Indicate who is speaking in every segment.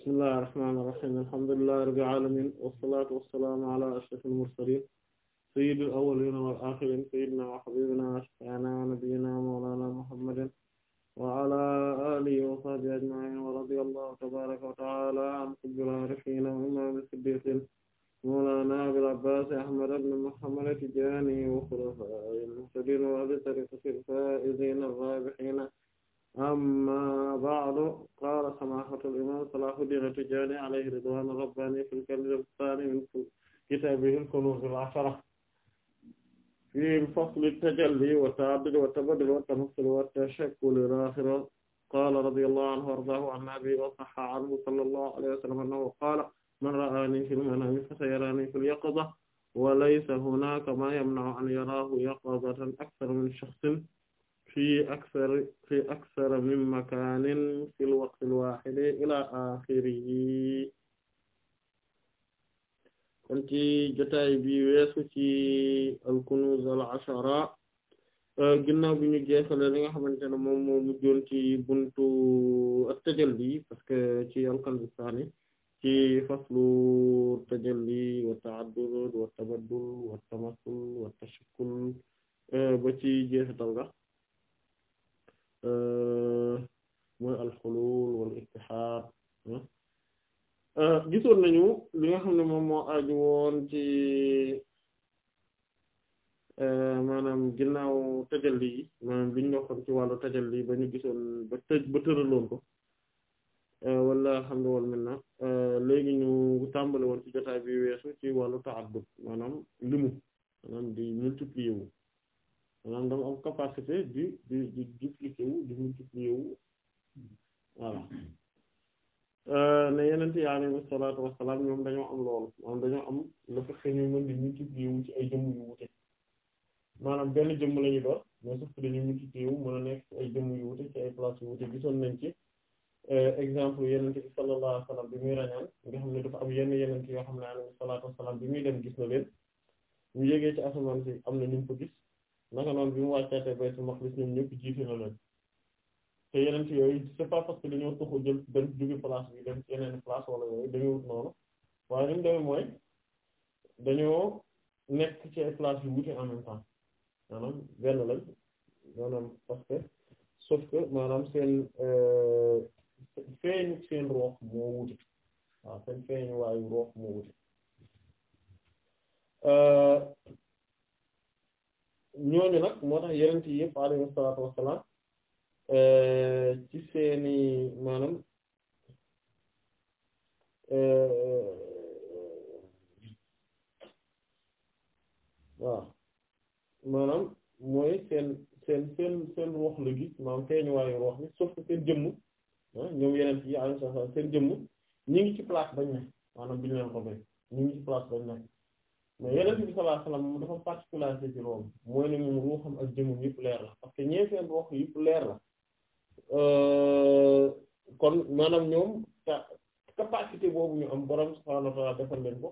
Speaker 1: bismillahi irrahmani irrahim alhamdulillahi rabbil alamin wassalatu wassalamu ala ashrafil mursalin sayyidil awwalin wal akhirin sayyidina wa habibina wa shafi'ina wa nabiyyina mawlana muhammadin wa ala alihi wa sahbihi ajma'in wa radiyallahu tabaraka wa ta'ala an qubbil arifin wa imam siddiqin mawlana abil abbas ahmad ibn muhammad tijani wa khulafa'il muhtadin wa abi tariqatil fa'izin ar-rabihin amma ba'du qaala samaahatul imaam Salaahudiin Tijaani alayhi ridwaanu rabbaani fil kanzil saani min kitaabihil kunuuzul ashara fii fasli tajalli wa ta'addud wa tabaddul wa tamassul wa tashakkul ilaa aaxirihi qaala radiyallaahu anhu wa ardaahu an abiihi wa sahhaha anhu sallallaahu alayhi wa sallam annahu qaala man ra'aanii fil manaami fasayaraanii fil yaqaza wa laysa hunaaka maa yamna'u an yaraahu yaqazatan akthara min shakhsin fi aksar fi aksar min makanin fil waqtil wahid ila axirihi kon ci jotaay bi weesu ci al kunuz al ashara euh, ginnaaw bi ñu jeexale li nga xamante ne moom moo mujjoon ci buntu at-tajalli parce que ci al kanz as-sani ci faslu tajalli wa ta'addud wa tabaddul wa tamassul wa tashakkul euh, ba ci jeexital ga Euh, mooy alxulul wal ittixaar hmm? euh, gisoon nañu li nga xam ne moom moo aju woon ci euh, maanaam ginnaaw tajalli yi maanaam liñ waxoon ci wàllu tajalli ba ñu gisoon ba tëj ba tëraloon ko wala xam ne wal mel na léegi ñu tàmbale woon ci jotaay bi weesu ci wàllu ta'addud maanaam limu maanaam di multiplier wu maanaam dama am capacité di di di dupliquer wu di multiplier euh, yeneen yi alayhi ñoom dañoo am loolu maanaam ñu di multiplier wu ci ay jëmm yu maanaam benn jëmm la ñu doon mais sauf que dañuy multiplier nekk ay yu wute gisoon nañ ci euh, exemple yeneen yi sallallahu alayhi wasallam bi nga xam ne dafa am yenn yeneen yoo xam ne alayhi salaatu bi muy dem gis na leen am na ñu ko gis. naka noonu bi mu wàccaatee baytul maqdis ñoom ñëpp jiite na leen te yeneen ci yooyu c'est pas parce dañoo taxaw jël dem jóge place bi dem yeneen place wala yooyu dañoo wut noonu waaye li mu demee mooy dañoo nekk ci ay place yu wuute en même temps maanaam benn lañ maanaam parce que sauf que maanaam seen euh, feeñ seen roox moo wuute waaw seen feeñ waayu roox moo wuute euh, ñooñu nag moo tax yeneen yi yëpp alayhi salaatu wassalaam euh, ci seeni maanaam euh, waaw maanaam mooy seen seen seen seen wax la gis maanaam feeñu waaye ni sauf seen jëmm ah, ñoom yeneen yi alayhi salaatu wassalaam seen jëmm ñu ngi ci place bañ ne maanaam bi ñu leen ko ñu ngi ci place bañ ne mais yeneen bi sallallahu alayhi wasallam moom dafa particularité ci loolu mooy ne moom ruuxam ak jëmmam yëpp leer la parce que ñee seen ruux yëpp leer la euh, kon maanaam ñoom capacité boobu ñu am borom subhaanahu wa ta'aala defal leen ko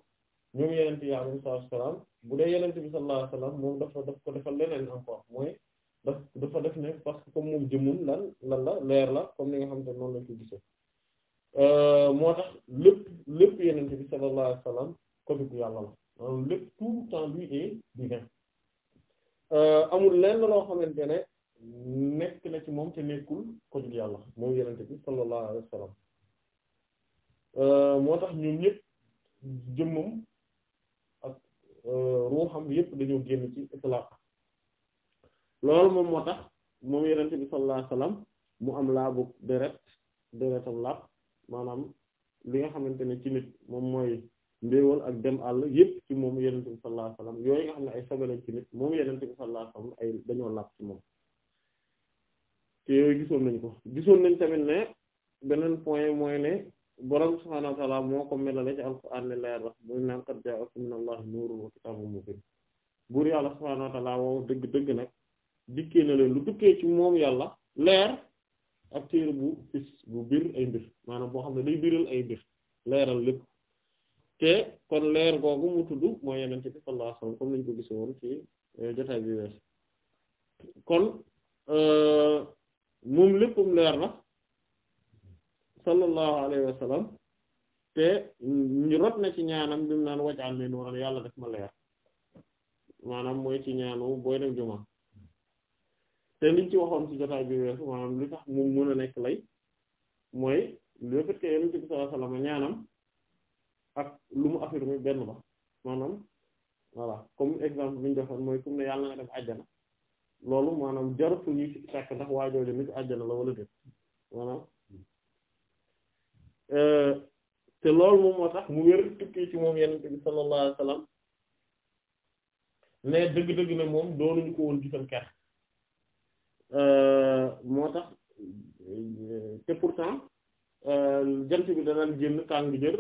Speaker 1: ñoom yeneen yi alayhi salaam bu dee yeneen bi sallallahu alayhi wasallam moom dafa def ko defal leneen encore mooy daf dafa def ne parce que comme moom jëmmam lan lan la leer la comme ni nga xam te noonu lañ ko gisee euh, moo tax lépp yeneen bi sallallahu yàlla maanaam euh, lépp tout le temps lui est divin euh, amul lenn loo xamante ne nekk na ci moom te nekkul ko dul yàlla moom yenente bi sallallahu alayhi wa euh, moo tax ñun ñëpp jëmmam ak ruuxam yépp dañoo génn ci itlaq loolu moom moo tax moom yenente bi sallallahu alayhi wa mu am laabu deret deretam laab maanaam li nga xamante ne ci nit moom mooy ndéewal ak dem àll yëpp ci moom yenente bi sallallahu alayhi yooyu nga xam ne ay sabalañ ci nit moom yenente bi sallallahu alayhi ay dañoo làpp ci moom te gisoon nañ ko gisoon nañ tamit ne beneen point mooy ne borom subhaanahu wa ta'ala moo ko melale ci alquran ne leer la muy naan qad ja'akum min allahi nuurun wa kitaabun buur yàlla subhaanahu wa ta'ala woow dëgg dëgg nag dikkee na leen lu tukkee ci moom yàlla leer ak téere bu fis bu bir ay mbir maanaam boo xam ne day biral ay te kon leer googu mu tudd mooy yeneen ci sallallahu alayhi wasallam comme niñ ko gis woon ci euh, jotaay bi wees kon euh, moom léppam leer na sallallahu alayhi wasallam te ñu rot na ci ñaanam bi mu naan wajaan mi nuuran yàlla def ma leer maanaam mooy ci ñaanu booy dem juma te liñ ci waxoon ci jotaay bi weesu maanaam li tax moom mën a nekk lay mooy le fait que yeneen ci sallallahu alayhi wasallam ñaanam lu mu affirmer benn ba maanaam voilà comme exemple bi ñu mooy comme ne yàlla na nga dem àjjana loolu maanaam jarutul ñuy ci sàkk ndax waa jooju nit àjjana la wala déet maanaam euh, te loolu moom moo tax mu wér tukki ci moom yonent bi sallallahu alayhi wasallam ne dëgg-dëgg ne moom doonuñu ko woon gisal ker euh, moo tax euh, te pourtant jant bi danaan génn tàng jër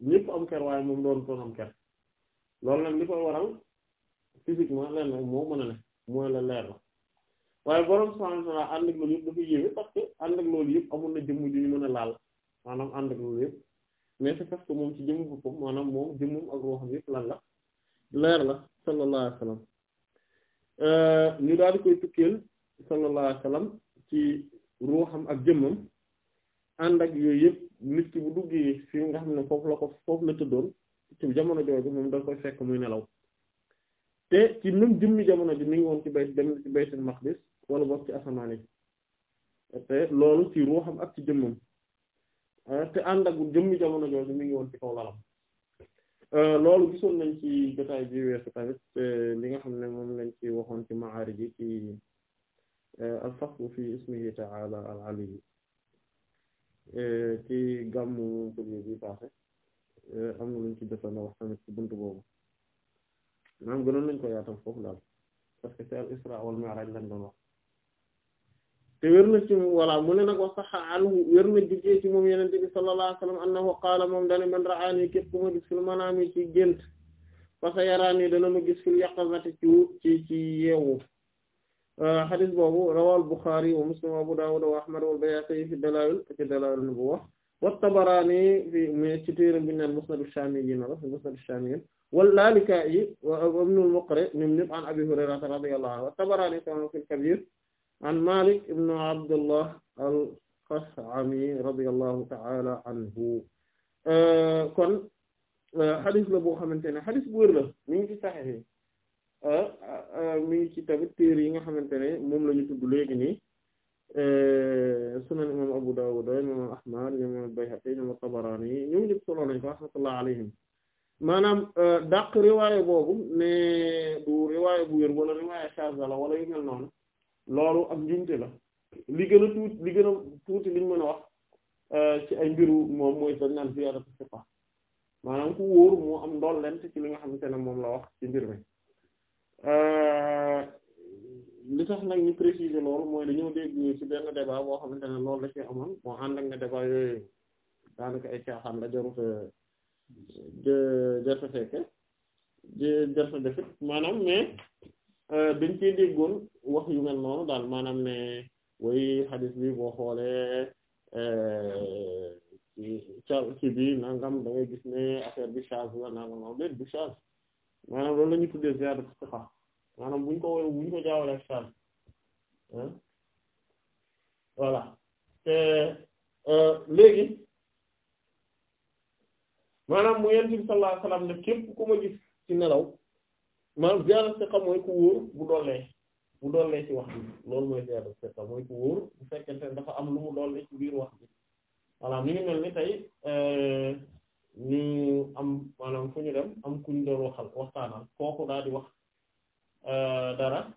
Speaker 1: ñëpp am ker waaye moom doon toon am ker loolu nag li koy waral physiquement leen na mën a ne mooy la leer la waaye borom subhaanahu wa loolu yëpp dafa yéeme parce ànd ak loolu yëpp amul na jëmm ju ñu mën a laal maanaam ànd ak loolu yëpp mais c'est parce moom ci jëmm boppam maanaam moom jëmmum ak ruuxam yëpp lan la leer la sallallahu wa sallam euh, ñu daal di koy tukkeel sallallahu wa sallam ci ruuxam ak jëmmam ànd ak yooyu yëpp nit ki bu duggee fi nga xam ne foofu la ko foofu la tëddoon ci jamono jooju moom da koy fekk muy nelaw te ci même jëmmi jamono ji mi ngi woon ci bay dem ci baytul maqdis wala boog ci asamaan yi te loolu ci ruuxam ak ci jëmmam ah te ànd ak jëmmi jamono jooju mi ngi woon ci kaw lalam euh, loolu gisoon nañ ci jotaay bi weesu tamit li nga xam ne moom lañ ci waxoon ci maari ji ci euh, al faslu fi ismihi ta'ala al ali Euh, ci gàmmu kër bi passé euh, am na luñ ci defoon wax tamit ci buntu boobu maanaam gënoon lañ ko yaatal foofu daal parce que c'est al isra wal mi'raj lañ doon wax te wér na ci moom mu ne nag wax sax anhu wér na jugee ci moom yenente bi sallallahu alayhi wasallam annahu qaala moom dane man ra'aani képp ma gis fil manaami ci gént fa sayaraani dana ma gis fil yaqazati ci ci ci yeewu xadis boobu rawal Bukhari wa Muslim wa Abu Dawud wa Ahmad wa Bayhaqi fi dalaa'il fi dalaa'il nubuwwa wa Tabarani fi mais ci téere bi ñu naan Musnad ash-Shaamiyyiin Musnad ash-Shaamiyyiin wal Laalakaa'i wa Ibn al-Muqri ñoom ñëpp an Abi Hurayra radiyallahu anhu wa Tabarani sama fil Kabiir an Maalik ibn Abdullah al-Qas'ami radiyallahu ta'ala anhu kon xadis la boo xamante ne xadis bu wér la mi ngi ci Sahih Euh, euh, euh, mi ngi ci tamit téere yi nga xamante ne moom lañu ñu tudd léegi nii sunan imam Abu Dawud imam Ahmad imam Bayhaqi imam Tabarani ñoom ñëpp solo nañ ko rahmatullah alayhim maanaam dàq riwaayé boobu ne du riwaayé bu wér wala riwaayé shaaza la wala yu mel noonu loolu ak njuumte la li gën a tuuti li gën a tuuti liñ mën a wax ci ay mbiru moom mooy dañ naan ziyaadatu siqa maanaam ku wóor moo am ndool ci li nga xamante ne moom la wax ci mbir mi Euh, li tax nag ñu préciser loolu mooy dañoo dégg ci benn débat boo xamante ne loolu la ci amoon moo ànd ak ne débat yooyu daanaka ay caaxaan la jarut jarta fekke jarta defit maanaam mais euh, dañ cee déggoon wax yu mel noonu daal maanaam ne way xadis bi boo xoolee euh, ci ci bi nangam da ngay gis ne affaire bi charge la nangam noonu léegi du charge maanaam loolu lañuy ñuy tuddee ziyaada siqa maanaam bu ñu ko woowee bu ñu ko jaawalee saan voilà te euh, léegi maanaam mu yonent bi sallallahu alayhi wasallam ne képp ku ma gis ci nelaw maanaam ziyaada siqa mooy ku wóor bu doolee bu doolee ci wax bi loolu mooy ziyaada siqa mooy ku wóor bu fekkente dafa am lu mu doolee ci biir wax bi voilà mi ngi mel ni tey euh, ñu am maanaam fu ñu dem am kuñ doon waxal waxtaanal kooku daal di wax euh, dara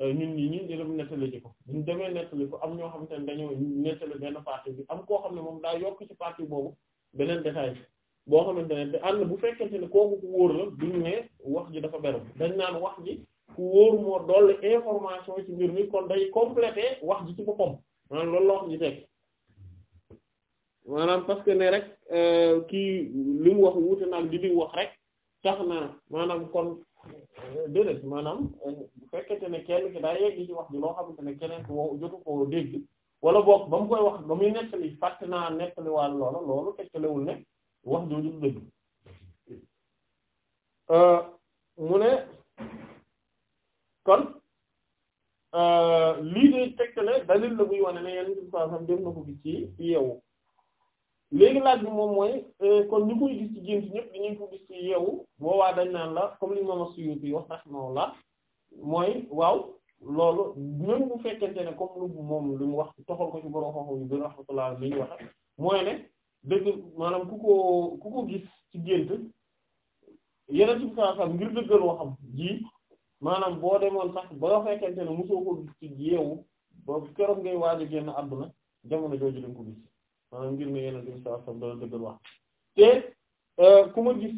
Speaker 1: euh, ñun ñi ñu dem nettali ko ñu demee nettali ko am ñoo xam ne dañoo nettali benn partie bi am koo xam ne moom daa yokk ci partie boobu beneen détail bi boo xamante ne te ànd bu fekkente ne kooku ku wóor la duñ ne wax ji dafa beru dañ naan wax ji ku wóor moo dolli information ci mbir mi kon day complété wax ji ci boppam maanaam loolu la wax ji tekk maanaam parce que ne rek euh, kii li mu wax wuute naag di li wax rek tax na maanaam kon euh, déedéet maanaam euh, bu fekkente ne kenn ki daa yegg ci wax ji loo xamante ne keneen ko jotu koo dégg wala boog ba mu koy wax ba muy nettali fàtte naa nettaliwaal loola loolu tegtalewul ne wax jooju dëgg mu ne kon lii de tegtale dalil la buy wane ne yenn ci saa sam dem na ko gis ci yeewu léegi laaj bi moom mooy euh, kon ñu koy gis ci gént ñëpp dañuy ko gis ci yeewu boobaa dañ naan la comme li Imam Suyuti wax rahimahullah mooy waaw loolu même bu fekkente ne comme lu moom li mu wax toxal ko ci boro xoxo yu gën rahmatullah li ñu wax mooy ne dëgg maanaam ku ko ku ko gis ci gént yeneen ci saa sax ngir dëggal waxam ji maanaam boo demoon sax ba fekkente ne mosoo ko gis ci yeewu ba ngay waaj a génn àdduna jamono jooju dañ ko gis. maanaam ngir ne yeneen bi saa sam dana dëggal wax te e, ku ma gis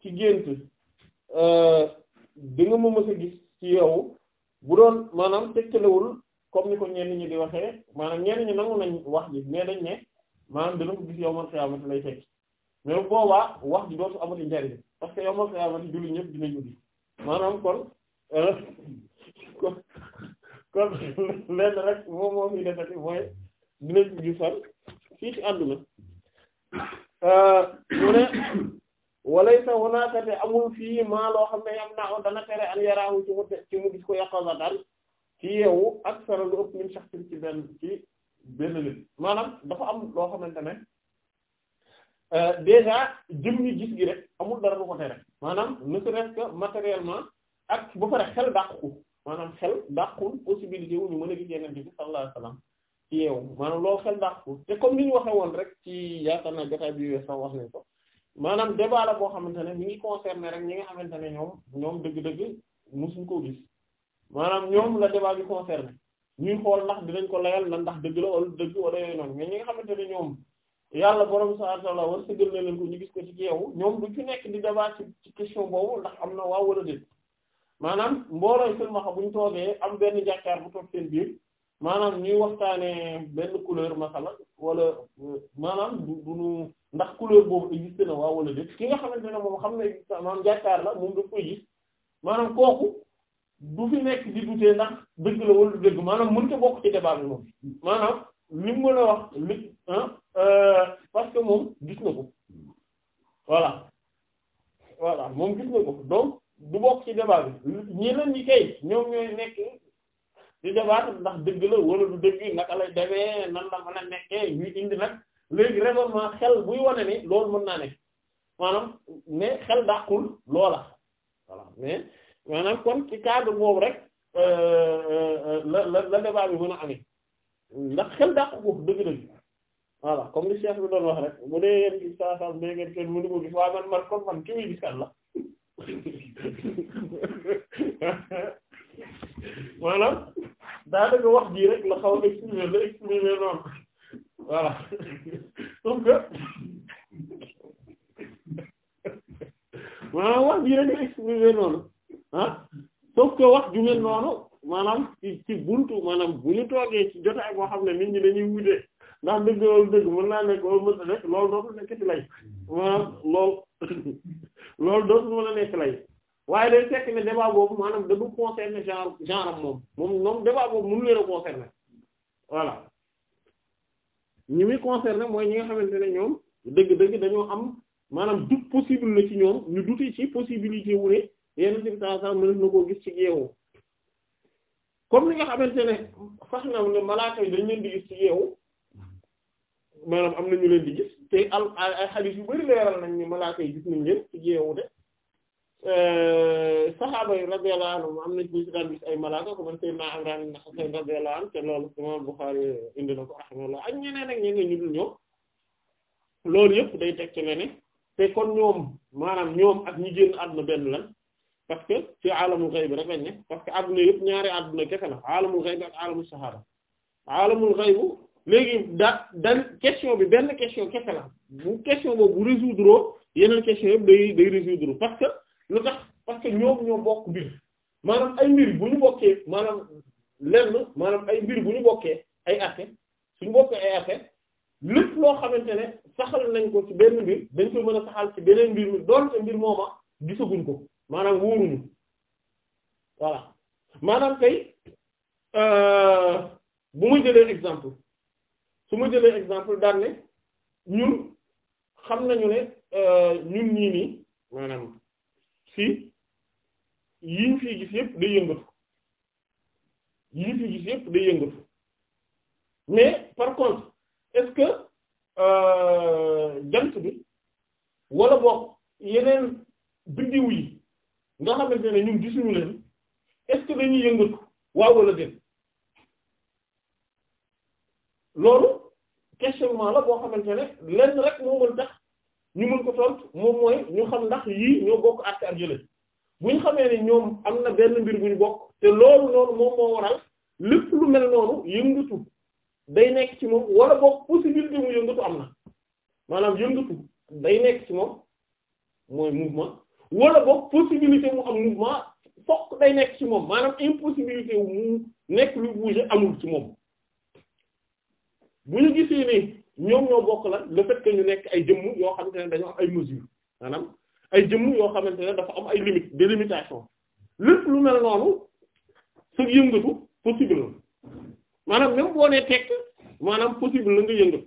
Speaker 1: ci gént e, di nga ma mës a gis ci yow bu doon maanaam tegtalewul comme ni ko ñenn ñi di waxee maanaam ñenn ñi nangu nañ wax ji mais dañ ne maanaam dina ko gis yow man xiyaamati lay fekk mais boobaa wax ji dootu amati njariñ parce yow man xiyaamati julli ñëpp dinañ ko maanaam kon e, kon lenn rek moom moom yi defati mooy dinañ ko gisal fii ci àdduna euh, mu ne walay sa wanaakate amul fii maa loo xam ne yam naa o dana tere an yaraahu ci mu ci mu gis ko yaqosa daal ci yeewu ak sara lu ëpp min shaxsin ci benn ci benn nit maanaam dafa am loo xamante ne euh, déjà jëm ni gis gi rek amul dara lu ko tere maanaam ne serait-ce que matériellement ak ba pare xel dàqu maanaam xel dàqul possibilité wu ñu mën a gis yeneen bi sallallahu alayhi yeewu maanaam loolu xel ndax te comme ni ñu waxee woon rek ci yaakaar naa jotaay bi wees sax wax nañ ko maanaam débat la boo xamante ne mi ngi concerné rek ñi nga xamante ne ñoom ñoom dëgg-dëgg musuñ koo gis maanaam ñoom la débat bi concerné ñuy xool ndax dinañ ko layal na ndax dëgg la wala dëgg wala yooyu noonu mais ñi nga xamante ne ñoom yàlla borom subhaanahu wa ta'aala war sëgal na leen ko ñu gis ko ci yeewu ñoom du ci nekk di débat ci question boobu ndax am na waaw wala déet maanaam mbooloo yi seen maxa bu ñu toogee am benn jàkkaar bu toog seen biir maanaam ñuy waxtaanee benn couleur masala wala euh, maanaam du duñu ndax couleur boobu existe na waaw wala déet ki nga xamante ne moom xam ne existe maanaam jàkkaar la moom daf koy gis maanaam kooku du fi nekk di dutee ndax dëgg la wala du dëgg maanaam mënut a bokk ci débat bi moom maanaam li mu mën a wax li euh, parce que moom gis na ko voilà voilà moom gis na ko donc du bokk ci débat bi ñeneen ñi kay ñoom ñooy nekk di debaat ndax dëgg la wala du dëgg naka lay demee nan la mën a nekkee ñuy indi nag léegi raisonnement xel buy wane ni loolu mën naa ne maanaam mais xel dàqul loola voilà mais maanaam kon ci cadre boobu rek euh, euh, euh, la la la débat bi mën a amee ndax xel dàqu ko dëgg-dëgg voilà comme li Cheikh bi doon wax rek bu dee yéen gis saa saa mbéy ngeen kenn mënu ko gis waaye man man kon man ki muy gis la. maanaam daanaka wax jii rek la xaw a exprimer la exprimer noonu voilà sauf wax jii rek la exprimer noonu ah sauf wax ju noonu maanaam ki ci buntu maanaam bu ñu toogee ci jotaay ne nit ñi dañuy wute ndax dëgg loolu dëgg mën naa nekk loolu mën na nekk loolu dootul nekk ci lay maanaam loolu waaye day fekk ne débat boobu maanaam da du concerner genre genre am moom moom moom débat boobu mënu leen a concerner voilà ñi muy concerner mooy ñi nga xamante ne ñoom dëgg-dëgg dañoo am maanaam dut possible na ci ñoom ñu duti ci possibilité wu ne yenn ci saa saa mënees na koo gis ci yeewu comme ni nga xamante ne sax na ne malaaka yi dañ leen di gis ci yeewu maanaam am na leen di gis te al ay xadiis yu bari leeral nañ ni malaaka yi gis nañ leen ci yeewu de. Euh, saxaaba yi radiyallahu anhum am nañ bu ci daan gis ay malaaka ko man sayyidina Imraan ibn Husayn radiyallahu anhu te loolu imaam Buxaari indi na ko rahimahullah ak ñeneen ak ñeneen ñu dul ñoom loolu yëpp day teg ci leneen te kon ñoom maanaam ñoom ak ñi génn àdduna benn lan parce que ci alamul ghaib rek lañ ne parce que àdduna yëpp ñaari àdduna kese la alamul ghaib ak alamul sahara alamul ghaib léegi da dan question bi benn question kese la bu question boobu bu résoudre lu tax parce que ñoom ñoo bokk mbir maanaam ay mbir bu ñu bokkee maanaam lenn maanaam ay mbir bu ñu bokkee ay atte suñu bokkee ay atte lépp loo xamante ne saxal nañ ko ci benn mbir dañ ko mën a saxal ci beneen mbir mi doonte mbir mooma gisaguñ ko maanaam wóoruñu voilà maanaam tey euh, bu ma jëlee exemple su ma jëlee exemple daan ne ñun xam nañu ne euh, ñun ñii nii maanaam si yiñ fii gis yëpp day yëngatu yiñ fii gis yëpp day yëngatu mais par contre est que euh, jant bi wala boog yeneen biddiw yi nga xamante ne ñun gisuñu leen est-ce que dañuy yëngatu waaw wala déet loolu questionnement la boo xamante ne lenn rek moo mën tax ñu mun ko tont moom mooy ñu xam ndax yii ñoo bokk àtte ak yële bu ñu xamee ne ñoom am na benn mbir bu ñu bokk te loolu noonu moom moo waral lépp lu mel noonu yëngatu day nekk ci moom wala bokk possibilité mu yëngatu am na maanaam day nekk ci moom mooy mouvement wala bokk possibilité mu am mouvement fokk day nekk ci moom maanaam impossibilité mu nekk lu bouger amul ci moom bu ñu gisee ne. ñoom ñoo bokk la le fait ñu nekk ay jëmm yoo xamante ne dañoo ay mesures maanaam ay jëmm yoo xamante ne dafa am ay limites des limitations lépp lu mel noonu sa yëngatu possible la maanaam même boo nee tekk maanaam possible la nga yëngatu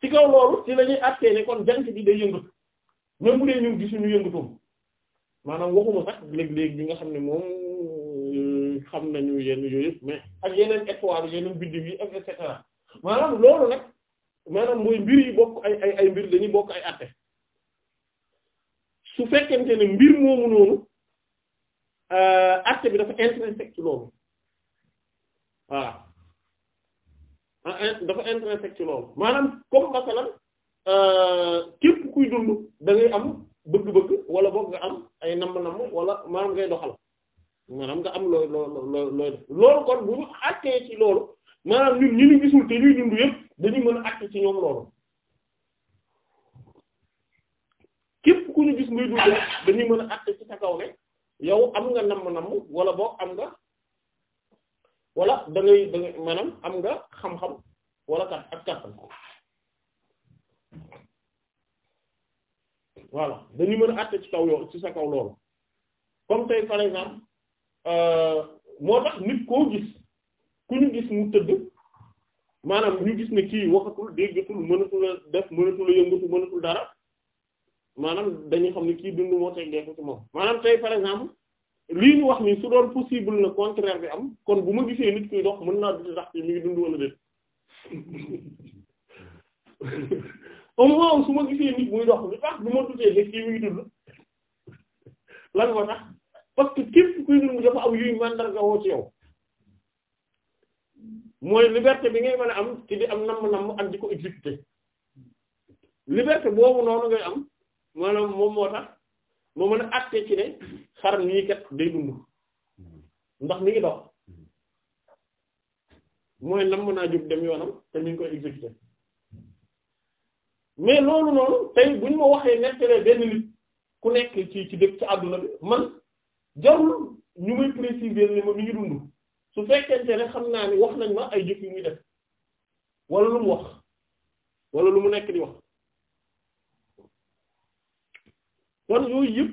Speaker 1: ci kaw loolu ci la ñuy àttee ne kon jant bi day yëngatu même bu dee ñun gisuñu yëngatoom maanaam waxuma sax léeg-léeg bi nga xam ne moom euh, xam nañu yenn yooyu yëpp mais ak yeneen étoiles yeneen biddiw yi et cetera maanaam loolu nag. maanaam mooy mbir yi bokk ay ay mbir dañuy bokk ay àtte su fekkente ne mbir moomu noonu àtte euh, bi dafa intrinsèque ci loolu voilà ah, dafa intrinsèque ci loolu maanaam comme masalan euh, képp kuy dund dangay am bëgg-bëgg wala boog nga am ay namm-namm wala maanaam ngay doxal maanaam nga am looy loolu kon bu ñu àttee ci loolu maanaam ñun ñu ngi gisul te ñuy dund yëpp. dañuy mën a àtte ci ñoom loolu képp ku ñu gis muy dund dañuy mën a àtte ci sa kaw ne yow am nga namm-namm wala boog am nga wala da ngay am nga xam-xam wala kat ak kattan voilà dañuy mën a àtte ci kaw yow ci sa kaw loolu comme tey par exemple euh, moo tax nit koo gis ku ñu gis mu tëdd maanaam ñu gis ne kii waxatul déggatul mënatul a def mënatul a yëngatu mënatul dara maanaam dañuy xam ne kii dund moo tey deeku ci moom maanaam tey par exemple lii ñu wax ni su doon possible na contraire bi am kon bu ma gisee nit kuy dox mën naa du ndax dund wala déet au su ma gisee nit tax ma dutee ne kii mi ngi dund lan moo tax parce que képp kuy dund dafa am yuy mandarga woo ci yow mooy liberté bi ngay mën a am ci di am namm-namm ak di ko exécuter liberté boobu noonu ngay am maanaam moom moo tax moo mën a àtte ci ne xar nii kat day dund ndax mi ngi dox mooy namm naa jóg dem yoonam te mi ngi koy exécuter mais loolu noonu tey buñ ma waxee nettalee benn nit ku nekk ci ci dëkk ci àdduna bi man jarul ñu may préciser ne ma mi ngi dund su fekkente ne xam naa ni wax nañ ma ay jëf yu muy def wala lu mu wax wala lu mu nekk di wax kon yooyu yëpp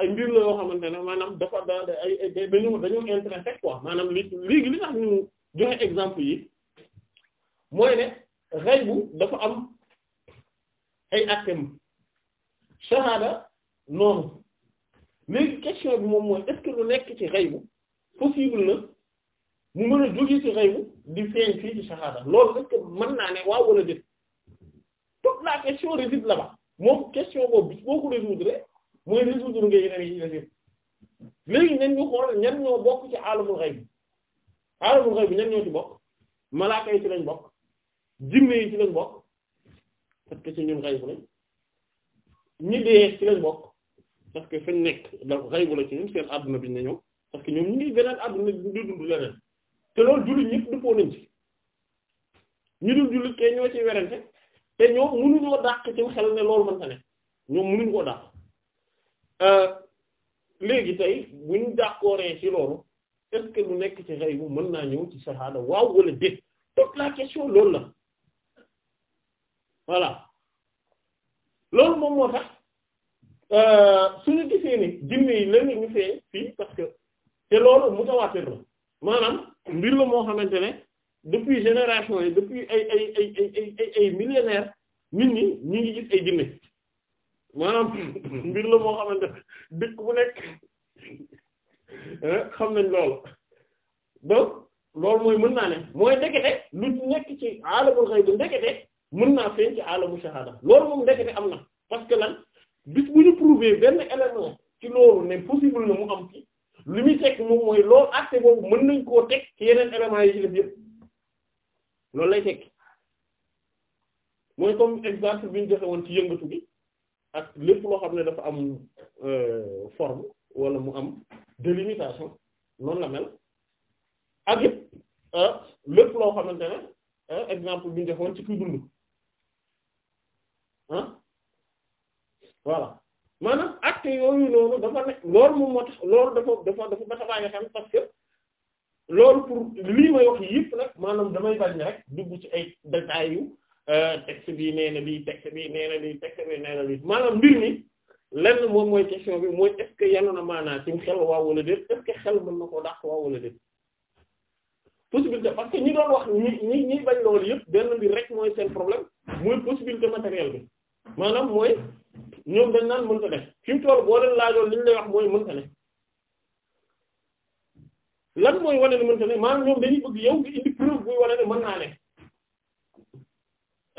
Speaker 1: ay mbir la yoo xamante ne maanaam dafa da ay dañoo dañoo intrinsèque quoi maanaam li léegi li tax ñu joxe exemple yi mooy ne rey bu dafa am ay atem shahada noonu léegi question bi moom mooy est que lu nekk ci rey bu possible na mu mën a jóge ci xaybu di feeñ fii ci shahada loolu est-ce que mën naa ne waaw wala déet toute la question réside là-bas moom question boobu bis boo ko résoudre mooy résoudre nga yeneen yi ci des léegi ñan ñu xool ñan ñoo bokk ci alamul xayb alamul xayb ñan bokk malaaka yi ci lañ bokk jinne yi ci lañ bokk parce que ci ñun xaybu lañ ñi dee ci lañ bokk parce que nekk da xaybu la ci ñun seen adduna bi ñu ñëw parce que ñoom ñu ngi beneen adduna du dund leneen te loolu jullit ñëpp dëppoo nañ ci ñu dul jullit kay ñoo ci werante te ñoom mënuñoo dàq ci xel ne loolu mën ta ne ñoom mënuñ koo dàq euh, léegi tey buñ dàqooree ci loolu est-ce lu nekk ci xëy mën naa ñëw ci saxaada waaw wala déet toute la question loolu la voilà loolu moom moo tax euh, suñu gisee ni jinne yi lan ñu fee fii parce te loolu mutawaatir la maanaam mbir la moo xamante ne depuis génération yi depuis ay ay ay ay ay nit ñi ñu ngi gis ay jinne maanaam mbir la moo xamante ne dëkk bu nekk eh, xam nañ loolu donc loolu mooy mën naa ne mooy ndekete lu nekk ci aalamul xayb ndekete mën naa feeñ ci aalamu shahada loolu moom ndekete am na parce que lan bis bu ñu prouver benn élément ci loolu ne possible na mu am ci li muy teg moom mooy loolu acte boobu mën nañ koo teg ci yeneen éléments yi ci def yëpp loolu lay teg mooy comme exemple bi ñu joxe woon ci yëngatu bi ak lépp loo xam ne dafa am euh, wala mu am délimitation noonu la mel ak yëpp euh, lépp loo xamante ne euh, exemple bi ñu joxe ci kuy dund ah voilà maanaam acte yooyu noonu dafa ne loolu moom moo tax loolu dafa dafa dafa bata bàyyi xam parce que loolu pour lii may wax yëpp nag maanaam damay bañ rek dugg ci ay détails yu euh, texte bi nee na lii texte bi nee bi maanaam mbir mi lenn moom mooy question bi mooy est-ce que yanu na maanaa ci xel waaw wala déet est-ce que xel mën na koo dàq waaw wala déet possibilité que ñi doon wax ñi ñi ñi bañ loolu yëpp benn bi rek mooy seen problème mooy possibilité matérielle bi maanaam mooy ñoom dañ naan mënta ne fi mu toll boo leen laajoon li ñu lay wax mooy mënta ne lan mooy wane ne mënta ne maanaam ñoom dañuy bëgg yow nga indi preuve buy wane ne mën naa ne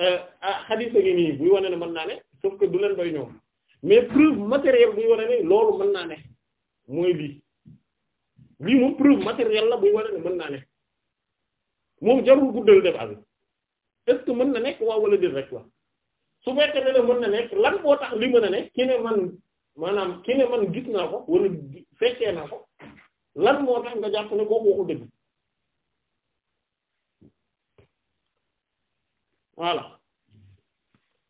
Speaker 1: euh, ah xadiis gi nii buy wane ne mën naa ne sauf que du leen doy ñoom mais preuve matérielle buy wane ne loolu mën naa ne mooy lii lii moom preuve matérielle la buy wane ne mën naa ne moom jarul guddal def àll est mën na nekk waa wala déet rek la. su fekkee ne ne mën na nekk lan moo tax li mën na ne ki ne man maanaam ki ne man gis naa ko wala fekkee naa ko lan moo tax nga jàpp ne kooku waxul dëgg voilà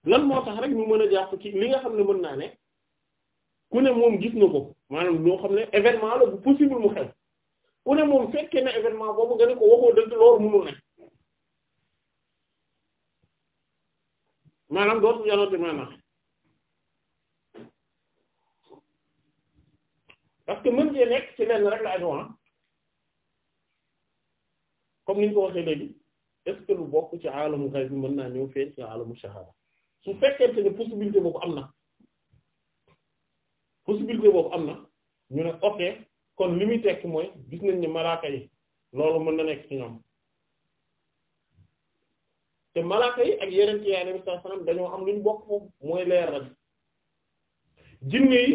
Speaker 1: lan moo tax rek ñu mën a jàpp ci li nga xam ne mën naa ne ku ne moom gis na ko maanaam loo xam ne événement la bu possible mu xew ku ne moom fekkee na événement boobu nga ne ko waxoo dëgg loolu mënul ne maanaam dootul yanooti maanaam parce mën ngeen nekk ci lenn rek la ajowan comme ni ko waxee léegi est-ce lu bokk ci alamu xay mën naa ñëw feeñ ci alamu shahada su fekkente ne possibilité boobu am na possibilité boobu am na ñu ne ok kon li muy tekk mooy gis nañ ni malaaka yi loolu mën na nekk ci ñoom te malaaka yi ak yeneen ci yàlla sallallahu dañoo am lu ñu bokk foofu mooy leer rek jinne yi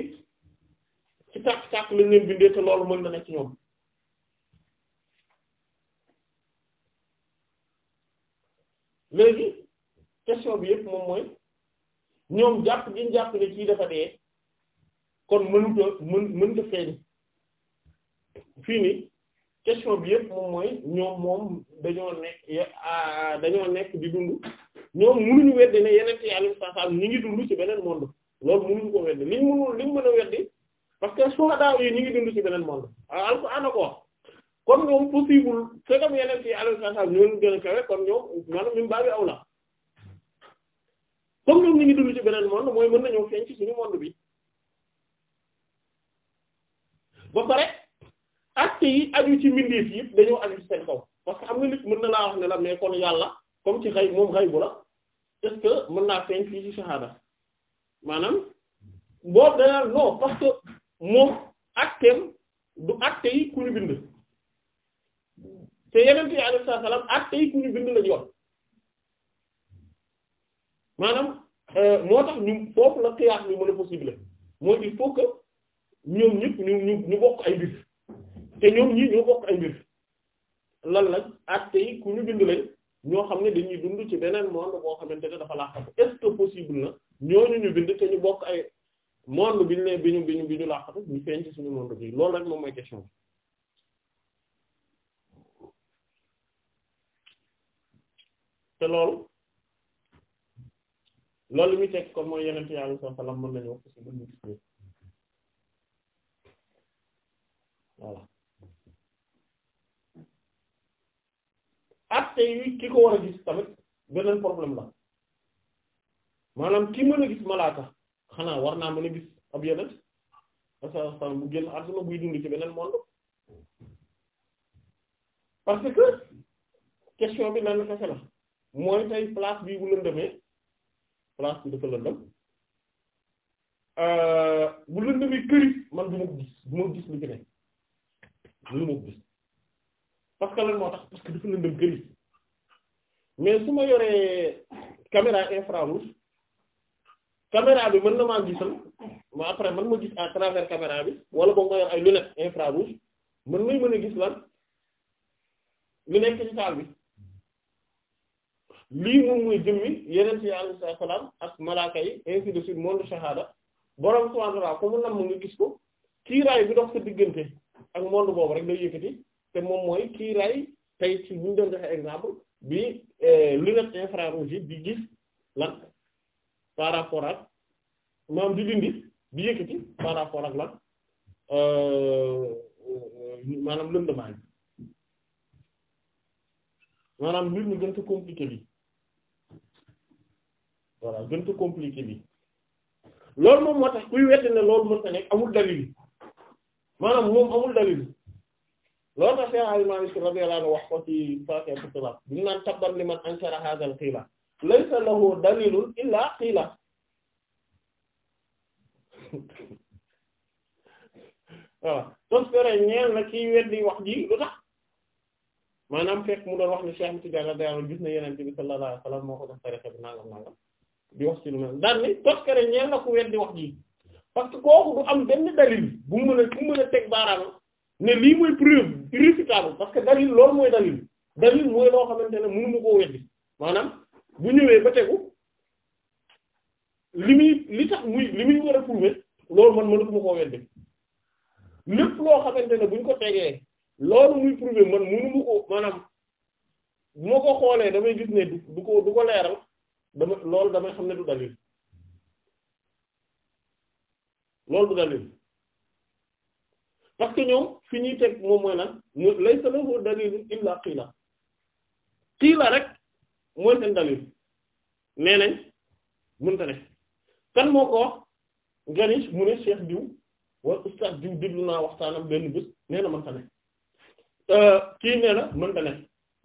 Speaker 1: ci tàkk tàkk lañ leen bindee te loolu mën na nekk ci ñoom. léegi question bi yëpp moom mooy ñoom jàpp gi jàpp ne kii dafa dee kon mënut a mën mënut a fii nii question bi yëpp moom mooy ñoom moom dañoo nekk dañoo nekk di dund ñoom mënuñu weddi ne yeneen ci yàlla saasam ñi ngi dund ci beneen monde loolu mënuñu ko weddi liñ mënul liñ mën a weddi parce que suhada yi ñi ngi dund ci beneen monde alxuraan ko wax kon ñoom possible c'est comme yeneen ci yàlla saasam ñoo gën a kawe kon ñoom maanaam ñun baabi aw la comme ñoom ñi ngi dund ci beneen monde mooy mën nañoo feeñ ci suñu monde bi ba pare actes yi aju ci mbindeef yi yëpp dañoo aju ci seen kaw parce que xam nga nit mën na laa wax ne la mais kon yàlla comme ci xay moom xay bu la est que mën naa feeñ fii ci shahada maanaam boobu dana non parce que moom acteem du acte yi ku ñu bind te yeneen yi alayhi salaam acte yi ku ñu bind lañu wax maanaam euh, moo tax ñu foofu la xiyaas bi mën a possible mooy il faut que ñoom ñëpp ñu ñu ñu bokk ay biir te ñoom ñii ñoo bokk ay mbir lan lañ acte yi ku ñu bind lañ ñoo xam ne dañuy dund ci beneen monde boo xamante ne dafa laaxatu est-ce possible na ñooñu ñu bind te ñu bokk ay monde bi ñu ne bi ñu bi ñu bi ñu feeñ ci suñu monde bi loolu rek moom mooy question te loolu loolu muy teg kon mooy yeneen ci yàlla sallallahu alayhi wa sallam mën nañu wax ci acte yi ki ko war a gis tamit beneen problème la maanaam ki mën a gis malaaka xanaa war naa mën a gis ab yeneen asalaamaaleykum bu génn àdduna buy dund ci beneen monde parce que question bi lan la la mooy tey place bii bu lëndëmee place bi dafa lëndëm euh, bu lëndëmee këri man du ma gis du ma gis lu ci ne du ma gis. parce que lan moo tax parce que dafa lëndëm gëli mais su ma yoree caméra infrarouge caméra bi mën na maa gisal ma après man ma gis à travers caméra bi wala boog ma yor ay lunettes infrarouge mën may mën a gis lan lu nekk ci saal bi lii moom mooy jëmmi yeneen ci alayhi salaam ak malaaka yi ainsi de suite monde shahada borom subhanahu wa ko mu nam nga gis ko kiiraay bi dox sa diggante ak monde boobu rek day yëkkati te moom mooy kii ray tey ci bu doon joxe exemple bi eh, lunette infrarouge di gis lan par rapport ak maam di dindi di yëkkati par rapport ak lan euh, euh, maanaam lëndëmaay maanaam mbir mi gën a compliqué bi voilà gën a compliqué bi loolu moom moo tax kuy wette ne loolu mën nekk amul dalil maanaam moom amul dalil loolu tax Seex Ali Maalik radiyallahu anhu wax ko ci faake bu sabab bi ñu naan tabban liman ankara haadal qiila laysa lahu dalilun illaa waaw toskere ñeel na kiy weddi wax ji lu tax maanaam fekk mu doon wax ni Seex Ahmad Tijaan radiyallahu anhu gis na Yonent bi sallallahu alayhi wa moo ko dox tarixa bi nangam nangam di wax ci lu mel daan ni toskere ñeel na ku weddi wax ji parce que kooku du am benn dalil bu mu mën a teg baaraam ne lii mooy preuve irréfutable parce que dalil loolu mooy dalil dalil mooy loo xamante ne mënu ma koo weddi maanaam bu ñëwee ba tegu li muy li tax muy li muy war a prouver loolu man mënatuma koo weddi lépp loo xamante ne buñ ko tegee loolu muy prouver man mënu ma ko maanaam bu ma ko xoolee damay gis ne du ko du ko leeral dama loolu damay xam ne du dalil loolu du dalil parce que ñoom fi ñuy teg moom mooy nag laysa lahu dalil illa qiila qiila rek mooy seen dalil nee mënta ne kan moo ko wax Ganish mu ne Cheikh diw wala oustaz diw déglu naa waxtaanam benn bés nee mënta ne euh, kii nee mënta ne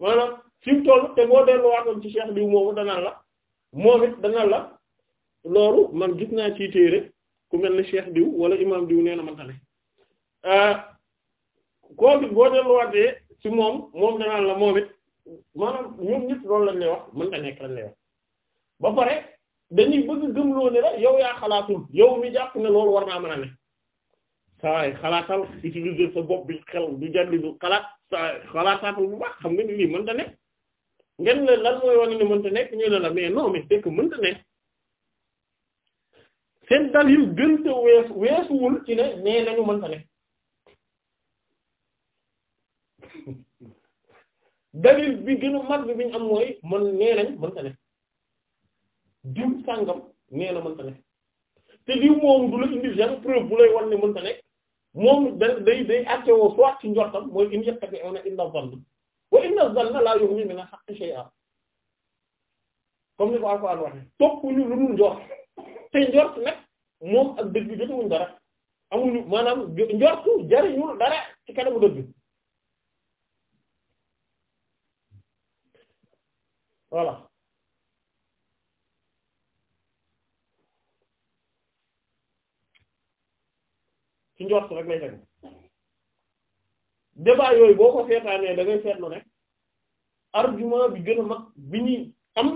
Speaker 1: maanaam fi mu toll te boo delluwaatoon ci Cheikh diw moomu danaan la moom it danaan la loolu man gis naa ci téere ku mel ne Cheikh diw wala imam diw nee mënta ne Euh, koo gis boo delluwaatee ci moom moom danaan la moom it maanaam ñoom ñëpp loolu lañ wax mën nekk lañ wax ba pare dañuy bëgg gëmloo ne la yow yaa xalaatul yow mi jàpp ne loolu war naa mën a ne xalaatal utiliser sa bopp bi xel du jàlli du xalaat saay xalaataatul bu baax xam nga ni lii mënta nekk ngeen la lan mooy wane ne mënta nekk ñu ne la mais non mais c'est que mënta nekk seen dalil gënta weesu weesuwul ci ne nee nañu mënta nekk dalil bi gën mag bi bi am mooy man nee nañ mënta ne diw sàngam nee mënta ne te diw moom du la indi genre preuve bu lay wan ne mënta ne moom da day day acté woo soit ci njortam mooy in yattabi'una illa zanna wa inna zanna laa yughni min al-haqqi shay'a comme ni ko Alxuraan waxe topp ñu lu dul njort te njort nag moom ak dëgg bi jotewuñ dara amuñu maanaam njortu jariñul dara ci kanamu dëgg voilà ci njort rek lay tegu débat yooyu boo ko seetaanee da ngay seetlu rek argument bi gën a mag bi ñuy am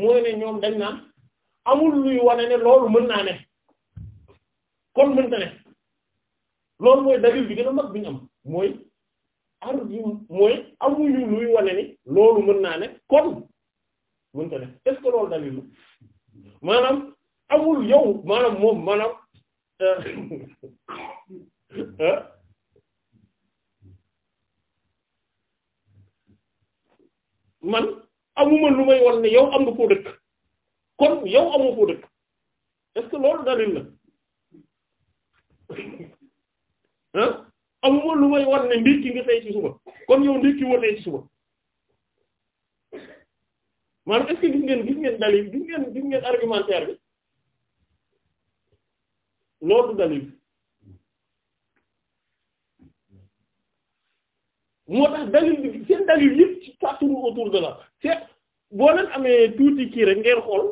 Speaker 1: mooy ne ñoom dañ naan amul luy wane ne loolu mën naa ne kon mënta ne loolu mooy dalil bi gën a mag bi ñu am mooy argument mooy amuñu luy wane ni loolu mën naa ne kon mënta ne est-ce loolu dalil la maanaam amul yow maanaam moom maanaam euh, man amuma lu may won ne yow am nga foo dëkk kon yow amoo foo dëkk est-ce loolu dalil la ah amuma lu may won ne ndékki nga tey ci suba kon yow ndékki woo tey ci suba maanaam est-ce gis ngeen gis ngeen dalil gis ngeen gis ngeen argumentaire bi loolu du moo tax dalil bi seen dalil yëpp ci ça tourne autour de là c'est boo leen amee tuuti kii rek ngeen xool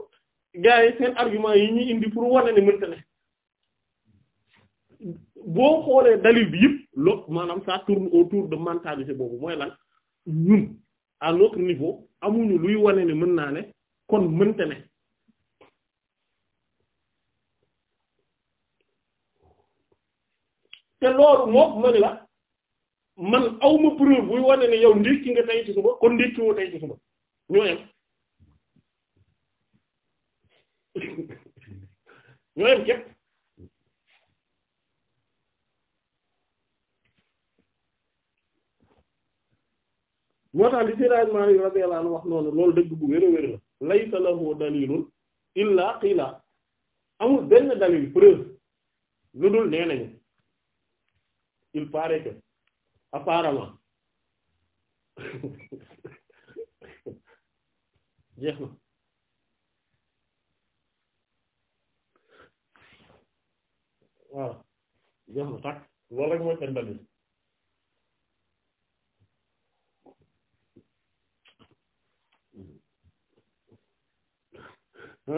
Speaker 1: gars yi seen argument yi ñuy indi pour wane ne mënta ne boo xoolee dalil bi yëpp lo maanaam ça tourne autour de mentalité boobu mooy lan ñun à niveau amuñu luy wane ne mën naa ne kon mënte te loolu moom man la man awma preuve buy wane ne yow ndékki nga tey ci kon ndékki woo tey ci suba ñoo moo tax li Seydina Maalik radiyallahu anhu wax noonu loolu dëgg bu wér a wér la laysa lahu dalilun dalil preuve lu dul nee il paraît que apparemment jeex na waaw jeex na takk loolu rek mooy seen dalil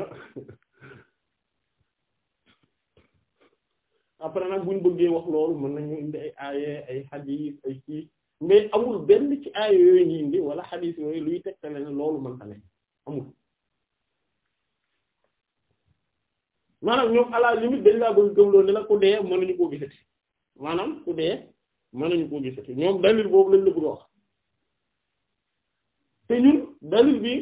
Speaker 1: après nag buñ bëggee wax loolu mën nañu indi ay aaye ay xadiis ay kii mais amul benn ci aaye yooyu ngi indi wala xadiis yooyu luy tegtale ne loolu mën ta ne amul maanaam ñoom à la dañ laa bëgg gëmloo ne la ku dee mën nañu koo gisati maanaam ku dee mën nañu koo gisati ñoom dalil boobu lañ la bëgg a wax te ñun dalil bi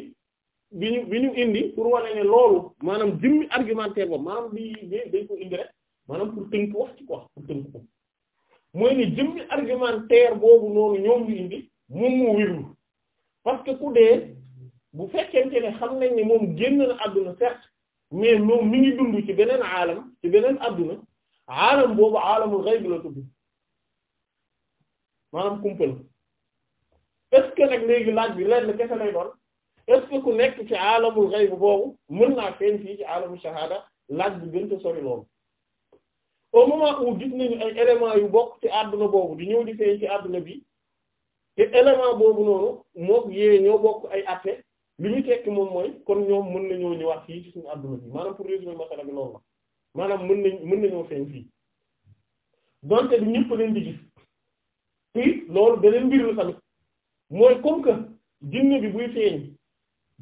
Speaker 1: bi ñu bi ñu indi pour wane ne loolu maanaam jëmmi argumentaire boobu maanaam li dañ ko indi rek maanaam pour tënk wax ci quoi pour tënk ko mooy ne jëmmi argumentaire boobu noonu ñoom ñu indi moom moo wérul parce que ku dee bu fekkente ne xam nañ ni moom génn na àdduna certes mais moom mi ngi dund ci beneen aalam ci beneen àdduna aalam boobu aalamul ghayb la tudd maanaam kumpa la est nag léegi laaj bi la kese lay doon est-ce ku nekk ci alamul xayb boobu mën naa feeñ fii ci alamul shahada laaj bi gën a sori loolu au moment où gis nañu ay éléments yu bokk ci àdduna boobu di ñëw di feeñ ci àdduna bi te élément boobu noonu mook yee ñoo bokk ay atte li ñu tekki moom mooy kon ñoom mën nañoo ñëwaat fii ci suñu àdduna bi maanaam pour résumer masala bi loolu la maanaam mën nañ mën nañoo feeñ fii donte du ñëpp leen di gis fii loolu beneen mbir la tamit mooy comme que jinne bi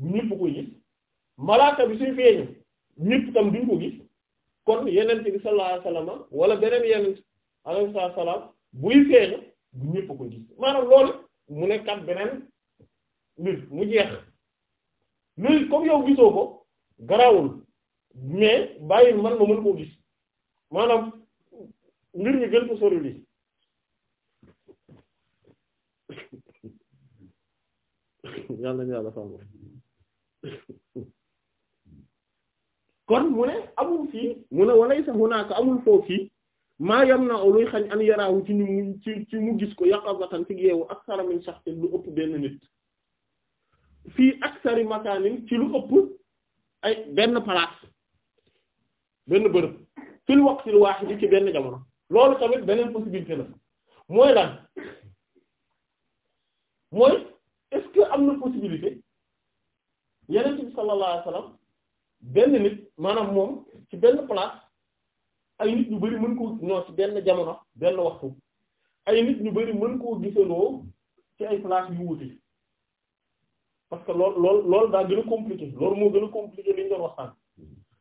Speaker 1: ñëpp koy gis malaaka bi suy feeñu ñëpp tam duñ ko gis kon yenent bi sallallahu alayhi wasallam wala beneen yenent alayhi salaam buy feeñu bu ñëpp koy gis maanaam loolu mu nekkat beneen mbir mu jeex léegi comme yow gisoo ko garawul mais bàyyil man ma mën koo gis maanaam ngir mi gën ko sori kon mu ne amul fii mu ne walay sa hunaaka amul foofu fii maa yam na luy xañ an yaraawu ci ñu ci ci mu gis ko yaqazatan ci yeewu ak saramin sax te lu ëpp benn nit fii ak sari makaanin ci lu ëpp ay benn place benn bërëb fil waqtil waahid ci benn jamono loolu tamit beneen possibilité la mooy lan mooy est que am na possibilité yeneen bi sallallahu alayhi benn nit maanaam moom ci benn place ay nit ñu bari mën koo ñoo ci benn jamono benn waxtu ay nit ñu bari mën koo gisandoo ci ay place yu wuute parce que lool lool loolu daa gën a compliqué loolu moo gën a compliqué li ñu doon waxtaan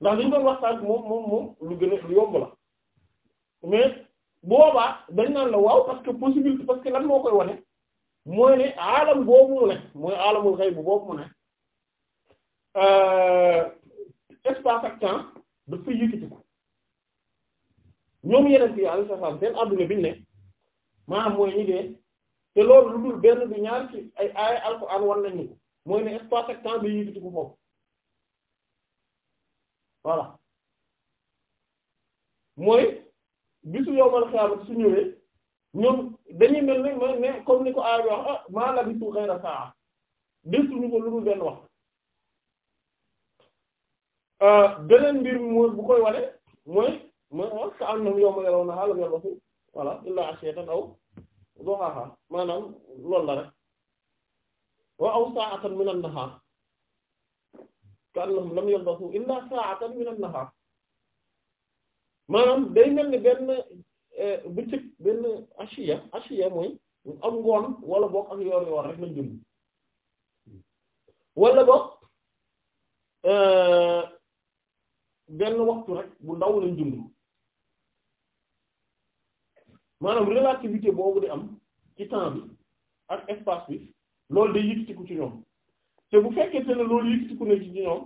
Speaker 1: ndax li ñu doon waxtaan moom moom moom lu gën a lu yomb la mais boobaa dañ naan la waaw parce que possibilité parce que lan moo koy wane mooy ne aalam boobu mu ne mooy aalamul xayb boobu mu ne Euh, espace ak temps dafa yëkkati ko ñoom yeneen bi alayhi salaam seen adduna bi ne maanaam mooy ñi dee te loolu lu dul benn du ñaar ci ay ay alxuraan wan nañu ko mooy ne espace ak temps bi yëkkati ko foofu voilà mooy bisu yowmal xiyaamati su ñëwee ñoom dañuy mel ne comme ni ko aay wax ah, maa la bisu xayra saa desuñu ko lu dul benn wax Euh, beneen mbir mooy bu koy wane mooy mooy ka am na yow ma yoroon na xaaral ma yoroon voilà illa asiyatan aw duhaha maanaam loolu la rek wa aw sa'atan min an-nahar ka'annahum lam yalbasu illa sa'atan min an-nahar maanaam day mel ni benn euh, bëccëg benn ashiya ashiya mooy am ngoon wala boog ak yoor yoor rek lañ dund wala boog euh, benn waxtu rek bu ndaw lañ dund maanaam relativité boobu di am ci temps bi ak espace bi loolu day yëkkatiku ci ñoom te bu fekkee te ne loolu yëkkatiku na ci ñoom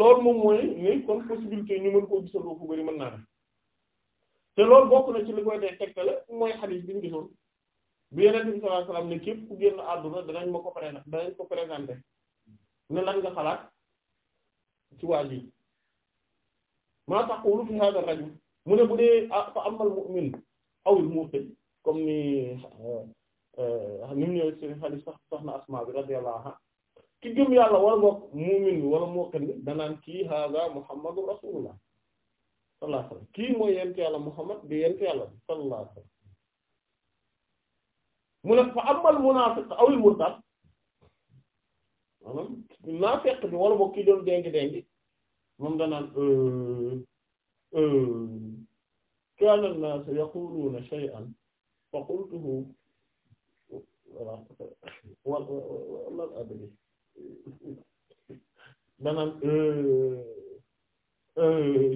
Speaker 1: loolu moom mooy ne kon possibilité ñu mën koo gisandoo fu bari mën naa def te loolu bokk na ci li koy dee tegtale mooy xadiis bi ñu gisoon bi Yonent bi sallallahu alayhi wasallam ne képp ku génn àdduna danañ ma ko présenté danañ ko présenté ne lañ nga xalaat ci waa ji maa taqulu fi hadha rajul mu ne bu dee ah, fa amal mu'min aw al-mu'min comme ni euh, euh, ni mu ñëwee seen hadith sax bi radiyallahu ki gëm yàlla wala boog mu'min bi wala mu'min bi danaan kii hadha Muhammadu rasulullah sallallahu alayhi wasallam kii mooy yent yàlla Muhammad bi yent yàlla sallallahu alayhi wasallam mu ne fa amal munaafiq aw al-murtad naafiq bi wala boog kii doon dengi dengi moom danaan euh, euh, kaana an-naas yaquluuna shay'an fa qultuhu wala adri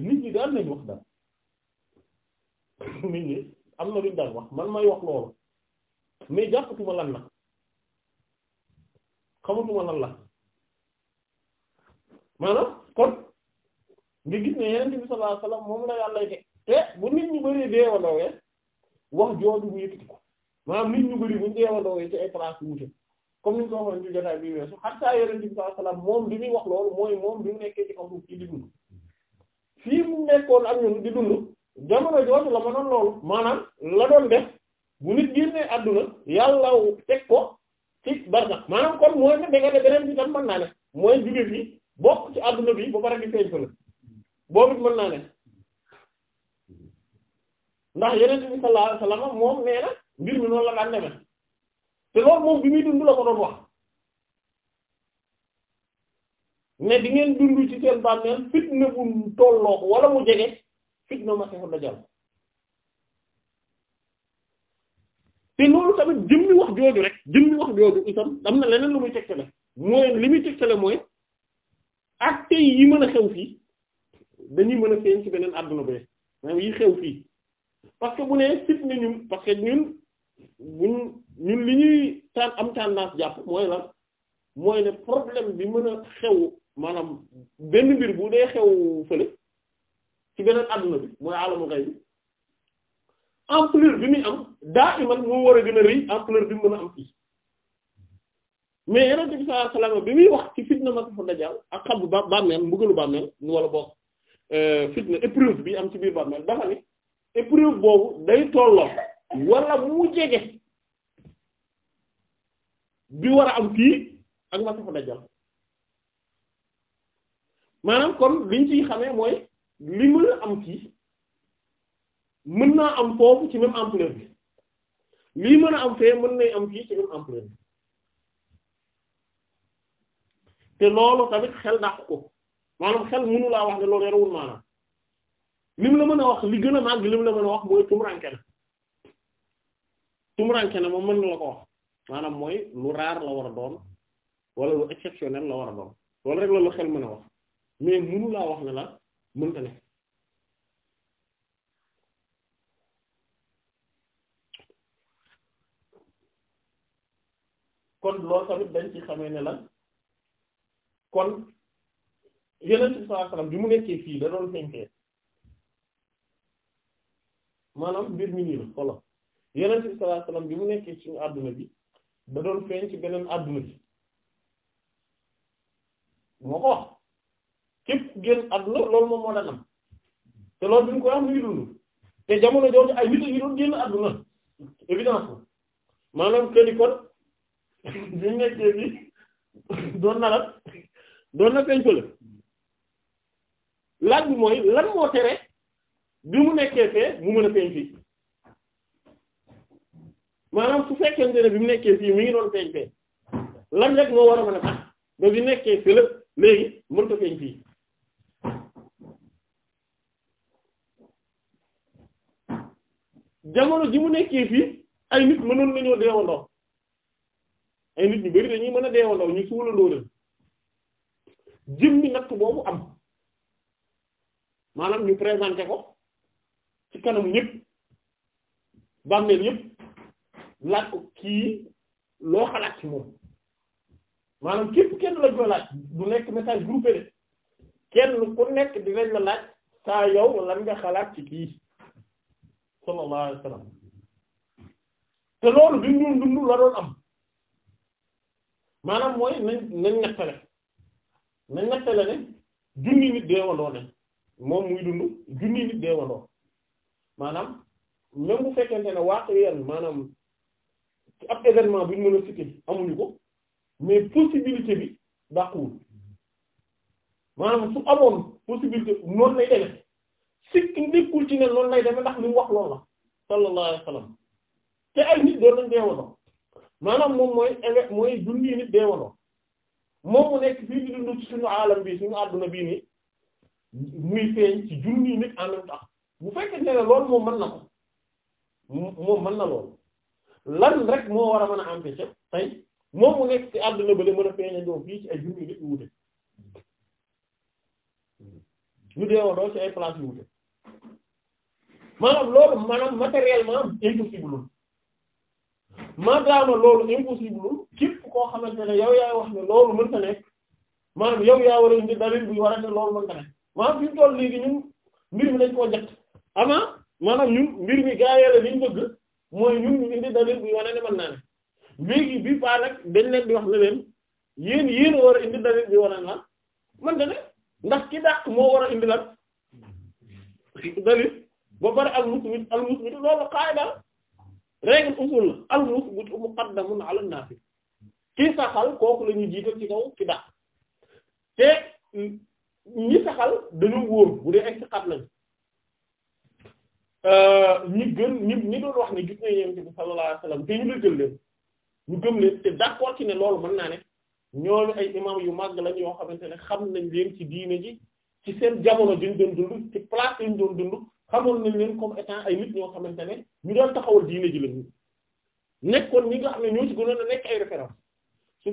Speaker 1: nit ñi daan nañ wax daal nit ñi am na luñ daan wax man may wax loolu mais jàppatuma lan la xamatuma lan la maanaam kon nga gis ne yeneen bi sallallahu moom la yàlla de te bu nit ñu bari deewandoowee wax jooju bu yëkkati ko maanaam nit ñu bari bu ñu deewandoowee ci ay place wuute ni ñu ko waxoon ci jotaay bi weesu xataa yeneen bi sallallahu alayhi wasallam moom li muy wax loolu di dund di dund jamono jooju la mënoon loolu maanaam doon bu nit génnee àdduna yàlla ko ci barsax maanaam kon mooy ne bi tam mën naa mooy juge bi bokk ci àdduna bi ba pare di feeñ fa boobu mën naa ne ndax yeneen bi sallallahu alayhi wasallam moom nee na mbir mi noonu la daan demee te loolu moom bi muy dund la ko doon wax ne di ngeen dund ci seen bàmmeel fitna bu tolloo wala mu jege fitna masiixu dajjal te loolu tamit jëmmi wax jooju rek jëmmi wax jooju itam am na leneen lu muy tegtale mooy li muy tegtale mooy actes yi mën a xew fii dañuy mën a feeñ ci beneen adduna ba maanaam yi xew fii parce que bu nee fitna ñun parce que ñun ñun li ñuy taan am tendance jàpp mooy la mooy ne problème bi mën a xew maanaam benn mbir bu dee xew fële ci beneen adduna bi mooy alamu bi ampleur bi muy am moo war a gën a rëy ampleur bi mu mën a am fii mais yeneen bi sallallahu alayhi bi muy wax ci fitna ma ko fa dajal ak xam ba bàmmeel mbugalu bàmmeel wala bokk Euh, fitna épreuve bi am ci biir bàmmeel dafa ni épreuve boobu day tolloo wala mu jege bi war a am fii ak ma a dajal maanaam kon liñ ci xamee mooy li mën a am fii mën naa am foofu ci même ampleur bi lii mën a am fee mën nay am fii ci même ampleur bi te loolu tamit xel dàq ko maanaam xel mënu laa wax ne loolu yorewul maanaam li la mën a wax li gën a màgg li la mën a wax mooy tumuranke na tumuranke na moom mën na la ko wax maanaam mooy lu raar la war a doon wala lu exceptionnel la war a doon loolu rek la lu xel mën a wax mais mënu laa wax ne la mënta ne kon loolu tamit dañ ci xamee ne la kon yeneen bi sallallahu alayhi wasallam bi mu nekkee fii da doon fenkee maanaam mbir mi nii la xolo yeneen bi sallallahu alayhi wasallam mu nekkee ci àdduna bi da doon feeñ ci beneen àdduna bi moo ko wax képp génn àdduna te loolu bi ñu koy am mu ngi dund te jamono jooju ay nit yi doon génn àdduna évidence maanaam këri kon bi mu nekkee fii doon na doon na feeñ fële laaj bi mooy lan moo tere bi mu nekkee fee mu mën a feeñ fii maanaam su fekkente ne bi mu nekkee fii mu ngi doon feeñ fee lan rek moo war a mën a tax ba bi nekkee fële léegi mënut a feeñ fii jamono ji mu nekkee fii ay nit mënoon nañoo deewandoo ay nit ñu bari dañuy mën a deewandoo ñu suulandoo leen jëm bi natt boobu am maanaam ñu présenté ko ci kanam ñëpp bàmmeel yëpp laaj ko kii loo xalaat ci moom maanaam képp kenn lañ ko laaj du nekk message groupé de kenn ku nekk dinañ la laaj saa yow lan nga xalaat ci kii sallallahu alayhi te loolu bi ñu dund la doon am maanaam mooy nañ nañ nettale nañ nettale ne junni nit deewandoo nañ moom muy dund junni nit deewandoo maanaam même bu fekkente ne waa yenn maanaam ab événement bi ñu mën a citer amuñu ko mais possibilité bi dàquwul maanaam su amoon possibilité noonu lay demee sikk nekkul ci ne noonu lay demee ndax li wax loolu la sallallahu alayhi wasallam te ay nit doon nañ deewandoo maanaam moom mooy éve mooy junni nit deewandoo moom mu nekk fii di suñu alam bi suñu àdduna bii nii. muy feeñ ci junni nit en même temps bu fekkee ne loolu moom mën na ko moom mën na loolu lan rek moo war a mën a empêcher tey moom mu nekk ci àdduna ba mën a feeña doom fii ci ay junni nit yu wute ñu deewa ay place yu wute maanaam loolu maanaam matériellement impossible lul maadaama loolu impossible lul képp koo xamante ne yow yaay wax ne loolu mënta nekk maanaam yow yaa war a indi dalil bu war a ne loolu mënta nekk maanaam fi mu toll léegi ñun mbir mi dañ koo jot avant maanaam ñun mbir mi gaa yi liñ bëgg mooy ñun ñu indi dalil bu wane ne mën naa ne léegi bii paa nag dañ leen di wax ne leen yéen yéen war a indi dalil bi wane na man de ndax ki dàq moo war a indi lan dalil ba pare al musbit al musbit loolu qaida règle usul la al musbit muqaddamun ala nafi ki saxal kooku la ñuy jiital ci ki dàq te. ñi saxal dañu wóor bu dee ay siqaat lañ euh, ñi gën ñi ñi doon wax ne gis nañ yonent bi sallallahu alayhi leen ñu gëm leen te ci ne loolu mën naa ne ñooñu ay imam yu màgg lañ yoo xamante ne xam nañ leen ci diine ji ci seen jamono juñ doon dund ci place yuñ doon dund xamoon nañ leen comme ay nit ñoo xamante ne ñu doon taxawal diine ji nekkoon ñi nga xam ne ñoo ci gënoon a nekk ay référence su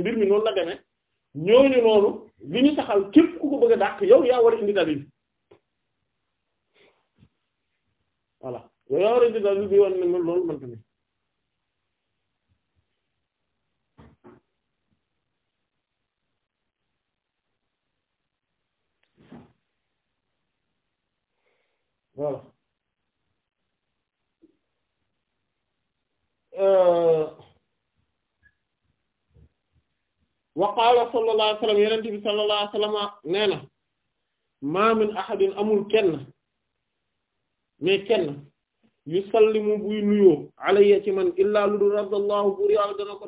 Speaker 1: mbir mi noonu la demee ñooñu noonu bi ñu taxal képp ku ko bëgg a dàq yow yaa war a indi dalil voilà yow yaa war man tamit voilà wa qaala sallallahu wa sallam yonent bi sallallahu wa sallam nee na ma min ahadin amul kenn mais kenn yusallimu buy nuyoo alayya ci man illaa lu dul radallahu buur yàlla dana ko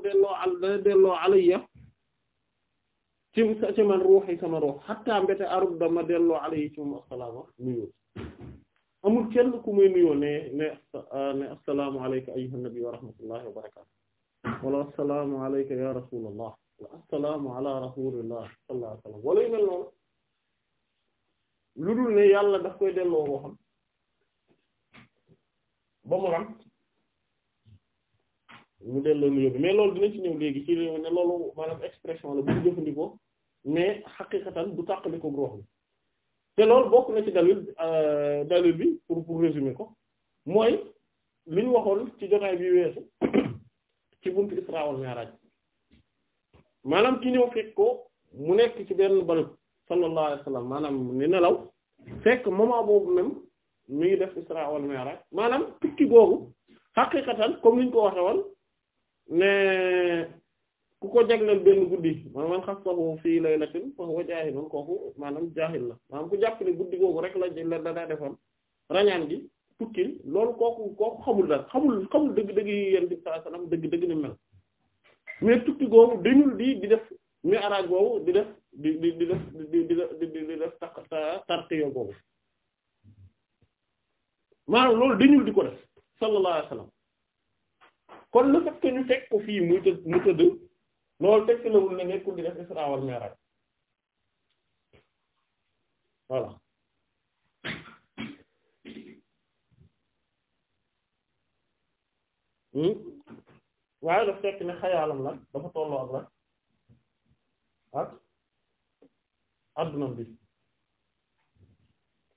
Speaker 1: delloo alayya ci man ruuxi sama ruux xattaa mbete arub dama delloo alayya ci moom assalaama nuyoo amul kenn ku muy nuyoo ne ne assalaamu alayka ayyuhan nabi wa rahmatullahi wa barakatuh wala assalaamu alayka ya rasulallah assalaamu ala rasulillah sallallahu wa sallam wala yu mel noonu lu dul ne yàlla daf koy delloo boo xam ba mu ram mu delloo nuyoo bi mais loolu dina ci ñëw léegi ci ne loolu maanaam expression la bu jëfandikoo mais xaqiqatan du tàqali ko rox bi te loolu bokk na ci dalil euh, dalil bi pour pour résumer ko mooy li ñu ci jotaay bi weesu ci buntu Isra wal Mi'raj maanaam ki ñëw fekk ko mu nekk ci benn barab sallallahu alayhi wa sallam maanaam ni nelaw fekk moment boobu même mi ngi def isra wal mi'raj maanaam tukki googu xaqiqatan comme niñ ko waxe woon ne ku ko jagleel benn guddi maanaam man xassahu fii laylatin fa huwa jaahilun kooku maanaam jaahil la maanaam ku jàppale guddi googu rek la la daa defoon rañaan gi tukki loolu kooku kooku xamul dara xamul xamul dëgg-dëgg yi yéen di sallallahu alayhi wa dëgg-dëgg ni mel mais tukki googu dañul di di def mi'raj googu di def di di di def di di di def tarqiya googu maanaam loolu dañul di ko def sallallahu alayhi wasallam kon le fait que ñu teg ko fii muy të mu tëdd loolu teg lawul ne nekkul di def isra wal mi'raj voilà hmm? waaye daf fekk ne xayaalam la dafa tolloo ak la ak bi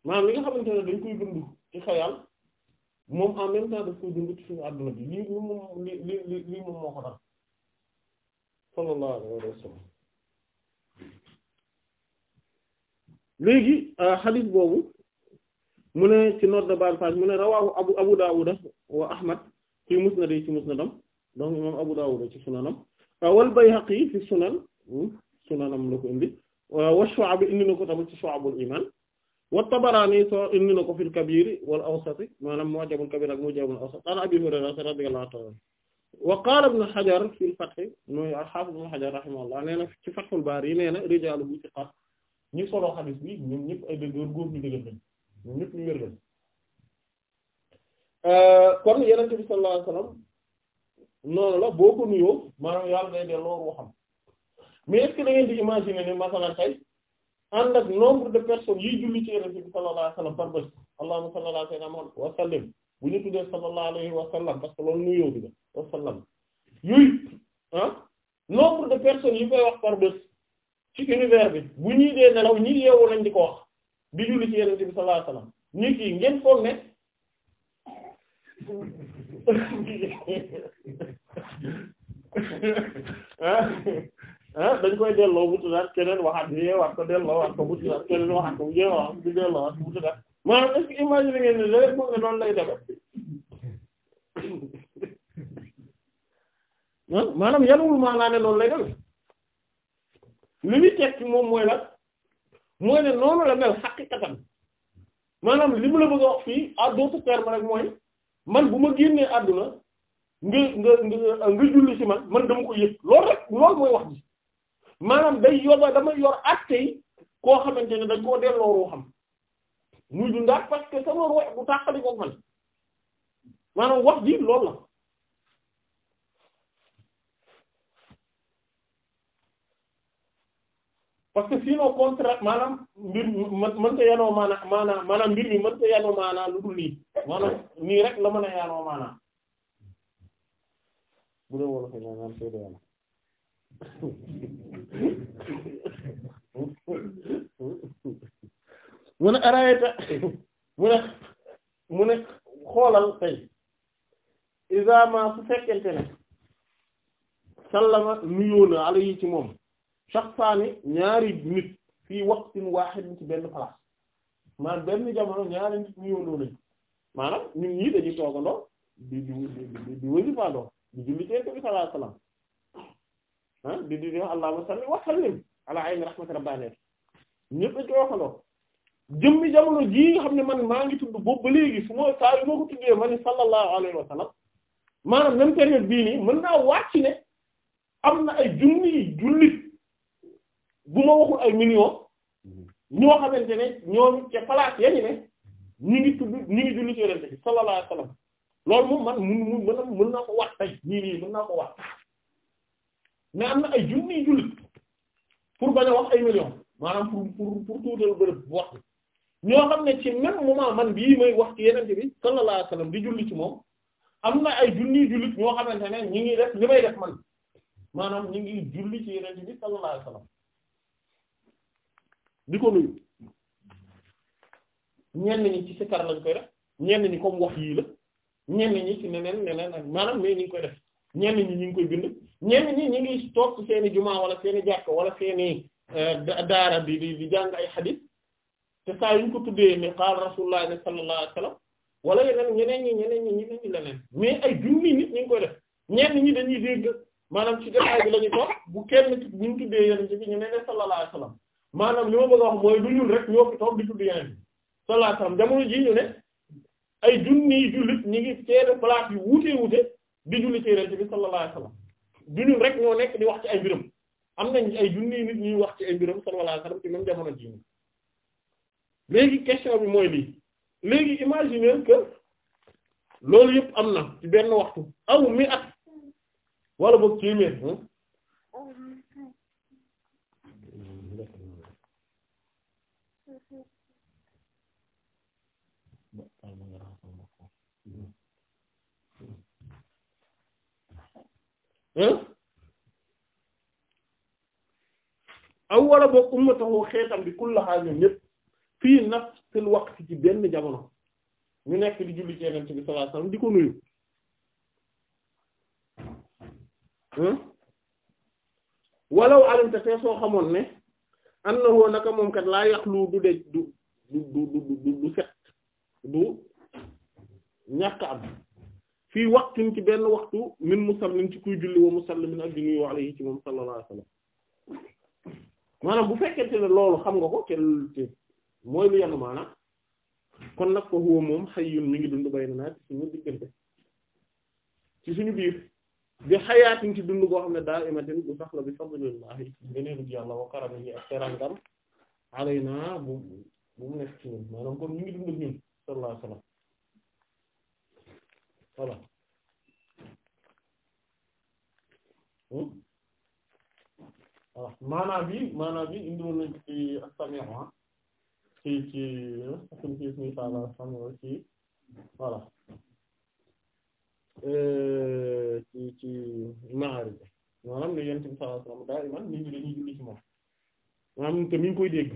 Speaker 1: maanaam li nga xamante ne dañ koy dund ci xayaal moom en même temps daf koy dund ci suñu adduna bi lii li li lii moom moo ko dal sallallahu alayhi wa sallam léegi euh, xadis boobu mu ne ci note de bas page mu ne rawahu abu abu daawuda wa ahmad fi musnad yi ci musnadam donc imam Abu Dawud ci sunanam euh, wal Bayhaqi fi sunan hmm, sunanam la ko indi euh, wa Shu'abi indi na ko tamit ci Shu'abul Iman wa Tabarani so indi na ko fil Kabir wal Awsat maanaam Mu'jamul Kabir ak Mu'jamul Awsat an Abi Hurayra radiyallahu ta'ala wa qaala Ibn Hajar fil Fath mooy al-Hafiz Ibn Hajar rahimahullah nee na ci Fathul Bari nee na rijaalu bu ci xar ñi soloo xadis bi ñoom ñëpp ay dëgër góor ñu dëgër lañ ñoom ñëpp ñu wér lañ euh, kon Yonent bi sallallahu alayhi wasallam noonu la boo ko nuyoo maanaam yàlla day delloo ruuxam mais est-ce que da ngeen di imaginer ne masalan tey ak nombre de personnes yiy julli ci yonent bi sallallahu alayhi par bés allahumma salli ala sayyidina wa bu ñu tuddee sallallahu alayhi parce que loolu nuyoo bi la wa sallam yooyu ah, de personnes yi koy wax par bés ci univers bi bu ñuy dee nelaw ñi yeewu lañ di ko wax di julli ci yonent bi sallallahu alayhi wa sallam ngeen foog Ah, ah, dañ koy delloo bu tuddaat keneen waxaat bi yeewaat ko delloo waat ko bu tuddaat keneen waxaat ko bu yeewaat bi delloo waat ko bu tuddaat maanaam est-ce que imagine ngeen ne léegi moom ne noonu lay deme ah, maanaam yanuwul maanaa ne noonu lay deme li muy tekki moom mooy la mooy ne noonu la mel xaqiqatan maanaam li mu la bëgg a fii à d'autres termes rek mooy man bu ma génnee àdduna nga nga nga nga julli ci man man dama ko yëg loolu rek loolu mooy wax ji maanaam day yoba damay yor atte yi koo xamante ne dañ koo delloo ruuxam muy dundaat parce que sama ruux bu tàqali ko man maanaam wax ji lool la parce que sinon contrat maanaam mbir mën mënta yanoo maanaa maanaam maanaam mbir mi mënta yanoo maanaa lu dul lii maanaam nii rek la mën a yanoo maanaam mu ne arayta mu ne mu ne xoolal tey isaama su fekkente ne sallama nuyoo na ala ci moom shaxsaani ñaari nit fii waqtin waahid ci benn place maanaam benn jamono ñaari nit ñu yóoloo lañ maanaam ñun ñii dañuy toogandoo di di di di wasifaandoo di julli ci Yonent bi ah di di di wax allahumma salli wa sallim ala ayni rahmati rabbanik ñëpp dañ koy waxandoo jëmmi jamono ji xam ne man maa ngi tudd boobu ba léegi su ma saa yu ma ko tuddee ma ni sallallahu alayhi wa maanaam même période bii nii mën naa wàcc ne am na ay junni jullit bu ma waxul ay millions mm-hmm. ñoo xamante ne ñoom ca place ya ne ñu ngi tudd ñu ngi julli ci Yonent bi sallallahu alayhi wasallam loolu moom man mun mën naa ko wax tey nii nii mën naa ko wax mais am na ay junniy jullit pour bañ a wax ay millions maanaam pour pour pour tuutal bërëb bu wax ñoo xam ne ci même moment man bii may wax ci Yonent bi sallallahu alayhi wasallam di julli ci moom am na ay junniy jullit ñoo xamante ne ñu ngi def li may def man maanaam ñu ngi julli ci Yonent bi sallallahu di ko nuyu ñenn ñi ci sikar lañ koy def ñenn ñi comme wax yii la ñenn ñi ci neneen neneen maanaam mais ñu ngi koy def ñenn ñi ñu ngi koy bind ñenn ñi ñu ngi toog seeni jumaa wala seeni jàkk wala seeni euh, daara di di di jàng ay xadiis te ko tuddee ne qaala rasulullah ne sallallahu alayhi wala yeneen ñeneen ñi ñeneen ñi ñeneen ñi leneen ñu ngi koy def ñenn ñi dañuy dégg maanaam ci jotaay bi la toog bu kenn ñu tuddee yeneen ci ñu ne sallallahu alayhi maanaam li ma bëgg wax mooy du ñun rek ñoo fi toog di tudd yonent bi sallallahu alayhi wasallam jamono ji ne ay junniy jullit ñi ngi seen place yu wuute wuute di julli ci bi sallallahu alayhi wasallam du ñun rek ñoo nekk di wax ci ay mbiram am nañ ay junniy nit ñuy wax ci ay mbiram sallallahu alayhi wasallam ci même jamono ji ñu léegi question bi mooy lii léegi imaginer que loolu yëpp am na ci benn waxtu aw mi at wala boog téeméer aw wala boog ummatahu xeetam bi kullaha ñoom ñépp fii nafsil waqti ci benn jamono ñu nekk di julli ci Yonent bi sallallahu alayhi di ko nuyu walaw alimta te soo xamoon ne annahu naka moom kat laa yaxlu du dej du du du du set du ñàkk am fii waqtin ci benn waxtu min musallin ci kuy julli wa musallimin ak di nuyu alayhi ci moom sallallahu alayhi wasallam maanaam bu fekkente ne loolu xam nga ko te mooy lu yenn maanaam kon nag moom hayyun mi ngi dund bay na naa ci suñu ci dund goo xam ne daa imatin bu sax la bi fadlillahi beneen bi yàlla wa karamihi ak naa bu mu nekk ci ñun voilà voilà maanaam bi maanaam bi indiwoon nañ ci astami'a ci ci ci ci ci voilà ci ci maarij maanaam ne yonent bi sallallahu alayhi wasallam daa iman nit ñi dañuy julli ci moom maanaam te mi ngi koy dégg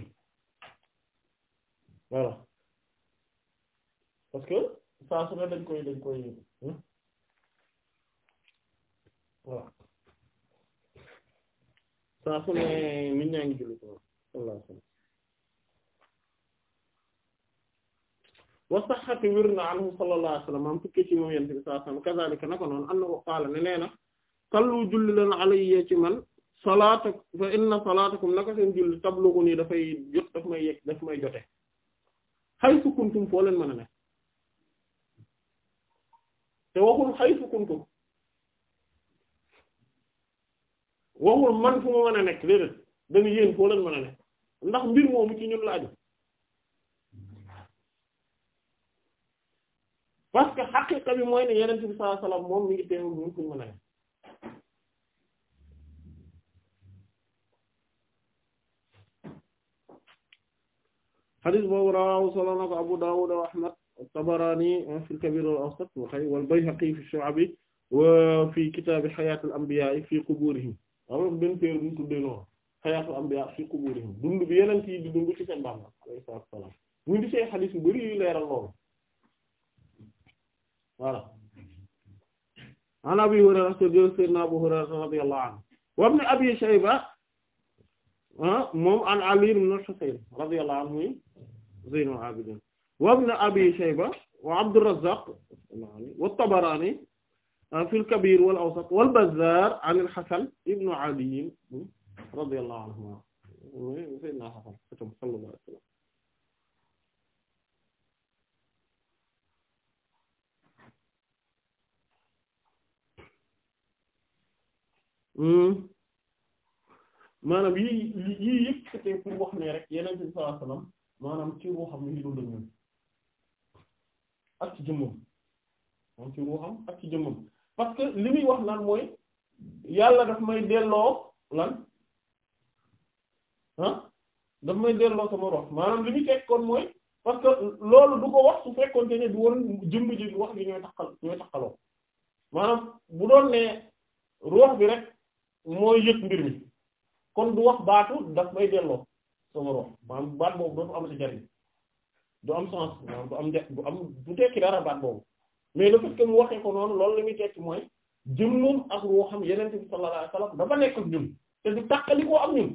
Speaker 1: voilà parce que saa su ne dañ koy dañ koy voilà saa su ne nit ñaa ngi julli ci moom sallallahu alayhi wa sallam wa sax te wér na anhu sallallahu wa sallam maam tukkee ci moom yent bi sallallahu alayhi wa sallam kazaalika naka noonu annahu qaala ne nee na sallu julli leen alayya ci man salaata fa inna salaatakum naka seen julli tablugu nii dafay jot daf may yegg daf may jote haythu kuntum foo leen mën a ne te waxul haythu kuntum waxul man fu ma mën a nekk déedéet dañu yéen foo leen mën a nekk ndax mbir moomu ci ñun la aju parce que xaqiqa bi mooy ne yeneen bi sallallahu alayhi wasallam moom mi ngi teewul ñun fu ñu mën a nekk xadis boobu rawahu solo na ko Abu Dawud wa Ahmad at-Tabarani fi al-Kabir wal-Awsat wal Bayhaqi fi ash-Shu'ab wa fi kitab Hayat al-Anbiya fi quburihim am benn téere bu ñu tuddee noonu xayaatu anbiya fi quburihim bi yeneen yi di dund ci seen bàmmeel alayhi salaatu di see xadiis yu bari yu leeral an Abi Hurayra sayyidina Abu Hurayra radiyallahu anhu wa ibn Abi Shayba moom an Ali ibn al-Husayn radiyallahu anhu Zaynul Abidin wa ibn Abi Shayba wa Abdur Razzaq wa Tabarani Ah, fil kabir wal awsat wal bazzar an al hasan ibnu ali radiyallahu anhuma sayyidina hasan sallallahu alayhi wa sallam hmm. maanaam yi yii yëpp c'était pour wax ne rek yeneen bi sallallahu alayhi wa sallam maanaam ci ruuxam mi ngi dund ñun ak ci jëmmam moom ci ruuxam ak ci jëmmam parce que li muy wax naan mooy yàlla daf may delloo lan ah daf may delloo sama rox maanaam li parce que loolu du ko wax su fekkoon te ne wax gi ñooy taxal ñooy taxaloo maanaam bu doon ne rox bi rek mooy yëg mbir mi kon du wax baatu daf may delloo sama rox maanaam baat boobu dootu am ci jariñ du am sens du am du am du tekki dara baat boobu mais le fait que mu waxee ko noonu loolu la muy tekki mooy jëmmam ak ruuxam yeneen bi sallallahu alayhi wa sallam dafa nekk ñun te du tàqali koo am ñun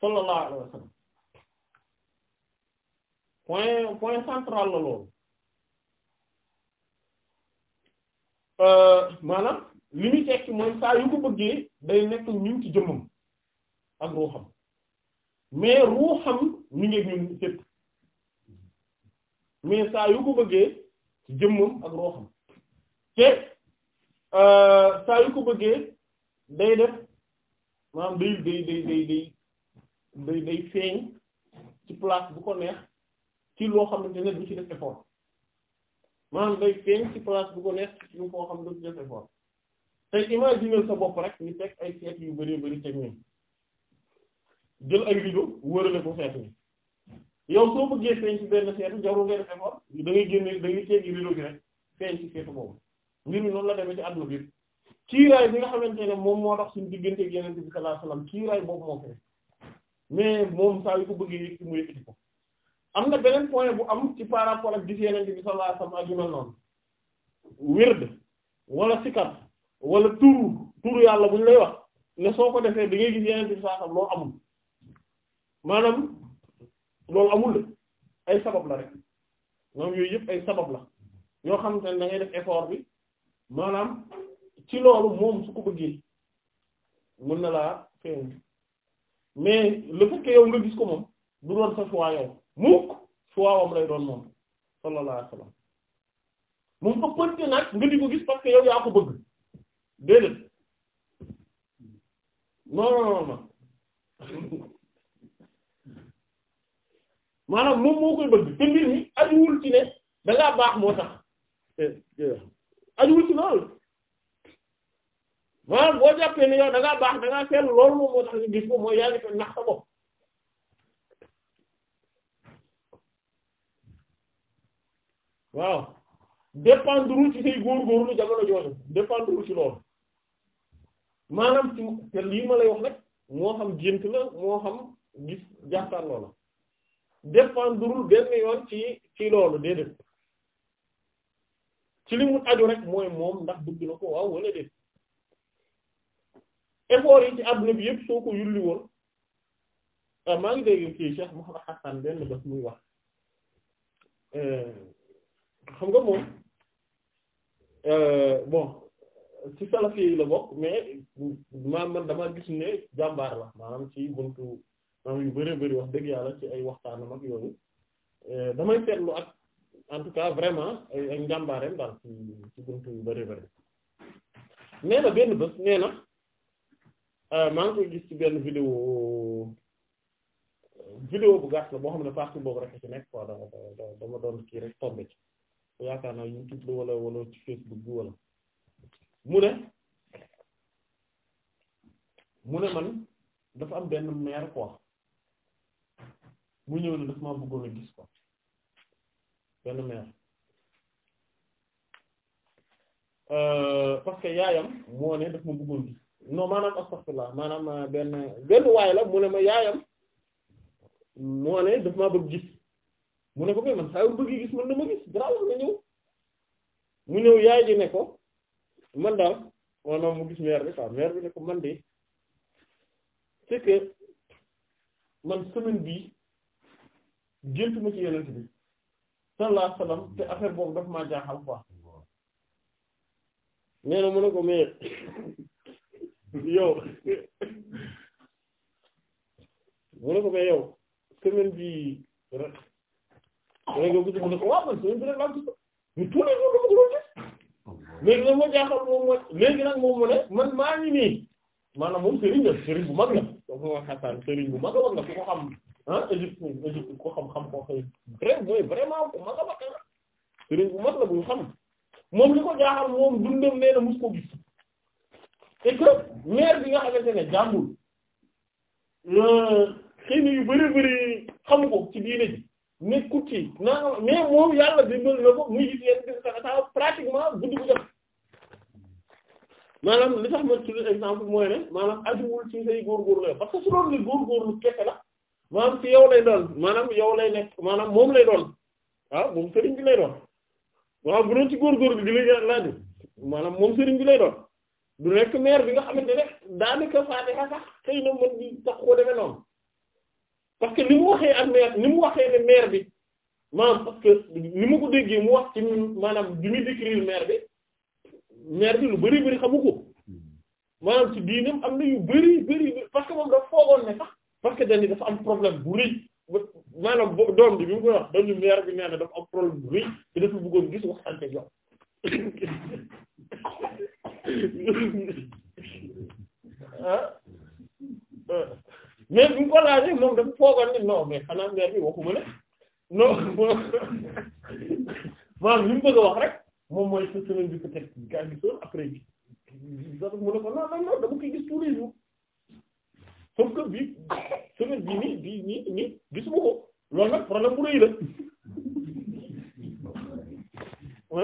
Speaker 1: sallallahu alayhi wa sallam point point central la loolu euh, maanaam li muy tekki mooy saa yu ko bëggee day nekk ñun ci jëmmam ak ruuxam mais ruuxam ñu ñun fépp mais saa yu ko bëggee ci jëmmam ak rooxam te euh, saa yu ko bëggee day def maanaam day day day day day feeñ ci place bu ko neex ci loo xamante ne du ci def effort maanaam day feeñ ci place bu ko neex ci lu koo xam ne du ci def effort te imaginer sa bopp rek ñu teg ay seet yu bari bari teg ñun jël ay rideau wërale ko seet ni yow soo bëggee feeñ ci benn seetu jarul nga def effort da ngay génne da ngay teggi rido gi rek feeñ ci seetu boobu mbir mi noonu la demee ci àdduna bi kiiraay bi nga xamante ne moom moo tax suñ diggante ak Yonent bi sallallahu alayhi wasallam kiiraay boobu moo ko mais moom saa yu ko bëggee yëkkati mu yëkkati ko am na beneen point bu am ci par rapport ak gis Yonent bi sallallahu alayhi wasallam ak yu mel noonu wird wala sikar wala turu turu yàlla bu ñu lay wax ne soo ko defee da ngay gis loo amul loolu amul la ay sabab la rek ñoom yooyu yëpp ay sabab la yoo xam ne da def effort bi maanaam ci loolu moom su ko bëggee mën na laa feeñ mais le fait que nga gis ko moom du doon sa choix yow mukk choix wam lay doon moom sallallahu alayhi wasallam moom ëppante nag nga di ko gis parce que yaa ko bëgg déedéet non non non maanaam moom moo koy bëgg te mbir mi ajuwul ci ne da baax moo tax eh, eh, ajuwul ci loolu maanaam boo jàppee ne yow da ngaa baax da ngaa lool loolu moom moo tax ñu gis ko mooy yaa ngi fi nax sa bopp waaw dépendre ci say góorgóorlu jamono jooju dépendre ci loolu maanaam ci te lii ma lay wax nag moo xam gént la moo xam gis jàkkaarloo la dépendrul benn yoon ci ci loolu déedéet ci li mu aju rek mooy moom ndax bëgg na ko waaw wala déet effort yi ci bi yëpp soo ko yulli woon ah, maa ngi dégg kii Cheikh Mouhamed Hassan benn bés muy wax eh, xam nga moom eh, bon ci salaf yi la bokk mais maa man dama gis ne jàmbaar la maanaam ci buntu maanaam yu bëree bëri wax dëgg yàlla ci ay waxtaanam ak yooyu euh, damay seetlu ak en tout cas vraiment ay njàmbaareem daal ci buntu yu bëri bëri nee na benn bés nee euh, maa ngi koy gis ci benn vidéo euh, vidéo bu gàtt la boo xam ne partie boobu rek ci nekk quoi dama doon kii rek tombé ci yaakaar naa YouTube la wala wala ci Facebook bi wala mu ne mu ne man dafa am benn maire quoi mu ñëw ne daf maa bëggoon a gis ko benn mère euh, parce yaayam moo ne daf ma bëggoon gis non maanaam astaghfirullah maanaam euh, benn benn waay la mu ne ma yaayam moo ne daf maa bëgg gis mu ne ko mais man saa yu bëgg gis man na ma gis garaaw na ñëw mu ñëw yaay ji ne ko man daal maanaam oh mu gis mère bi quoi mère bi ne ko man de c'est man semaine bii. gént ma ci yenent bi sallallahu alayhi wasallam te affaire boobu daf maa jaaxal quoi nee na mu ne ko mais bi rek rek nga gis mu man semaine bi rek laa gis mais tous les jours dama ko doon gis léegi nag moo jaaxal moom mooy léegi nag moom mu ne man maa ngi nii maanaam moom sëriñ la sëriñ bu mag la dafa ma xasaan sëriñ bu mag la mag la ah Égypte Égypte ko xam-xam koo xam bref mooy vraiment ko mag a mag la sëriñ bu mag la xam moom li ko jaaxal moom dundam nee na mos ko gis et que maire bi nga xamante ne jàmbul euh, xëy na yu bëri bëri ko ci diine ji nekkut ci naa mais moom yàlla dimbali na ko muy gis yenn di sa pratiquement guddi bu jot maanaam li tax ma tudd exemple mooy ne maanaam ajuwul ci say góorgóorlu parce que su doon li góorgóorlu kese la maanaam ci yow lay doon maanaam yow lay nekk maanaam moom lay doon ah moom sëriñ bi lay doon waaw bu doon ci góorgóorlu di la laaj maanaam moom sëriñ bi lay doon du nekk maire bi nga xam ne daanaka Fatiha sax xëy na mën di tax koo demee noonu parce que ni mu waxee ak maire ni mu waxee ne maire bi maanaam parce que ni ma ko déggee mu wax ci maanaam bi muy décrire maire bi maire bi lu bari bari xamu ko hmm. maanaam ci diinam am na yu bari bari parce que moom dafa foogoon ne sax. parce que dañu dafa am problème bu rëy maanaam doom bi bi mu koy wax doom bi mère bi nee na dafa am problème bu rëy te dafa bëggoon gis waxtaan ak yow ah. mais bi mu ko laajee moom dafa foogoon ne non mais xanaa mère bi waxuma ne non maanaam li mu bëgg a wax rek moom mooy sa semaine bi peut-être gaa gisoon après bi sax mu ne ko non non non dama gis tous les sauf que bii semaine bii nii bii nii nii gisuma ko loolu nag problème bu rëy la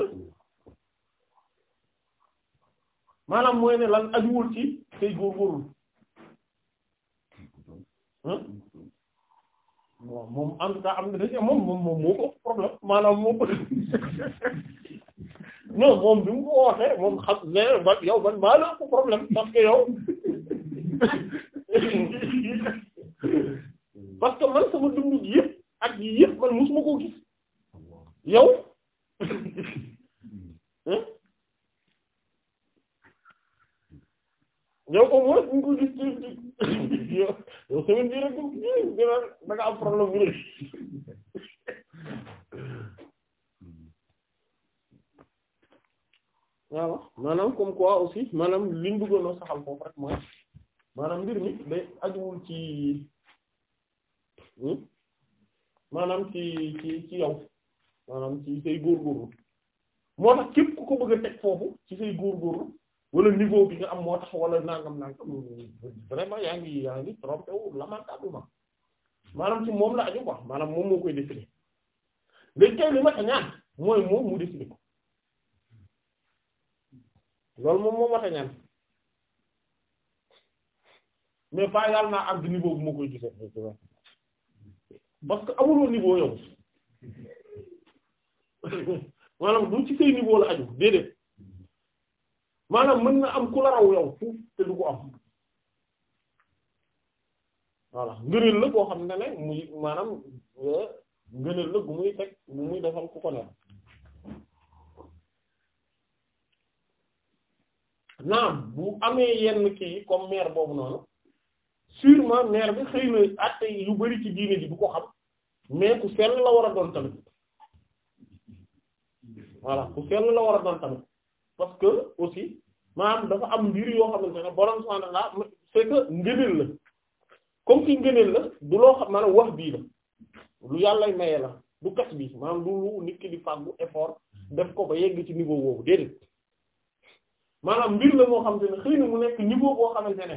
Speaker 1: maanaam mooy ne lan ajuwul ci tey góorgóorlu bon moom en tout cas am na daje moom moom moom moo ko problème maanaam moo ko non moom bi mu ko waxee moom xam ne yow man maa la ko problème parce que yow parce que man sama dundu gi yëpp ak yi yëpp man musuma gis yow yow au ko gis ci yow yow semaine bii rek dina da nga am problème bu rëy waaw maanaam comme quoi aussi maanaam liñ bëggoon a saxal maanaam mbir mi day ajuwul ci hmm? maanaam ci ci ci yow maanaam ci say góorgóorlu moo tax ku ko bëgg a teg foofu ci say góorgóorlu wala niveau bi nga am moo tax wala nangam nangam vraiment yaa ngi yaa ngi trompé wu lamentablement maanaam ci moom la aju quoi maanaam moom moo koy décider léegi tey li ma ta ñaan mooy moom mu décider ko loolu moom moo ma ta mais pas yàlla naa àgg niveau bu ma koy gisee parce que amuloo niveau yow maanaam du ci say niveau la aju déedéet maanaam mën na am ku la raw yow te du ko am voilà ngëneel la boo xam ne ne muy maanaam euh, ngëneel la gu teg bu defal ku ko neex naam bu amee yenn kii comme maire boobu noonu sûrement mère bi xëy na àtte yu bari ci diine ji bu ko xam mais ku sell la war a doon tamit voilà ku sell la war a doon tamit parce que aussi maanaam dafa am mbir yoo xamante ne la comme ci ngëneel la du loo xam maanaam wax bii la lu yàllay maye la du kat bi maanaam lu lu nit ki di fàggu effort def ko ba yegg ci niveau boobu déedéet maanaam mbir la moo xamante ne xëy na mu nekk niveau boo xamante ne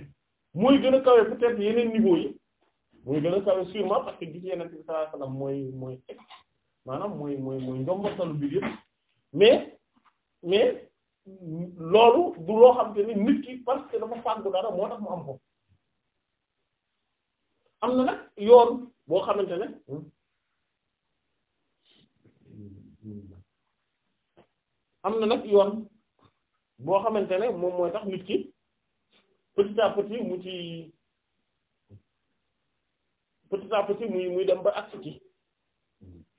Speaker 1: mooy gën a kawe peut-être yeneen niveau yi mooy gën a kawe sûrement parce que gis yeneen sallallahu alayhi wasallam mooy mooy maanaam mooy mooy mooy njombasalu mbir yëpp mais mais loolu du loo xam te ni nit ki parce que dafa fàggu dara moo tax mu am ko am na nag yoon boo xamante ne hmm, am na nag yoon boo xamante ne moom mooy tax nit ki petit à petit mu ci petit à petit muy muy dem ba agsi ci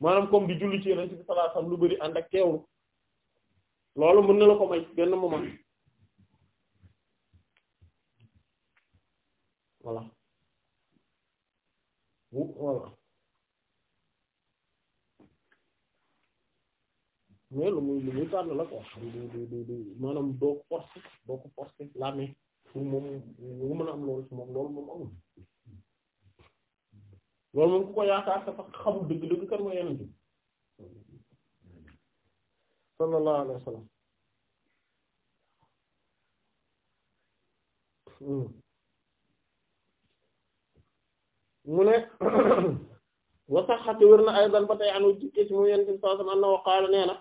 Speaker 1: maanaam comme di julli ci yonent bi sallallahu alayhi wasallam lu bari ànd ak loolu mën na la ko may benn moment voilà bu voilà mais lu muy lu muy tànn la quoi du du du du maanaam doo ko forcer la mais moom mu mën loolu moom loolu moom loolu moom ku ko yaakaar te sax dëgg-dëgg kan mooy yeneen bi sallallahu alayhi wa mu ne wasaxate wér na aydan ba tey anu jikkee ci moom yeneen bi sallallahu alayhi wa sallam annahu qaala nee na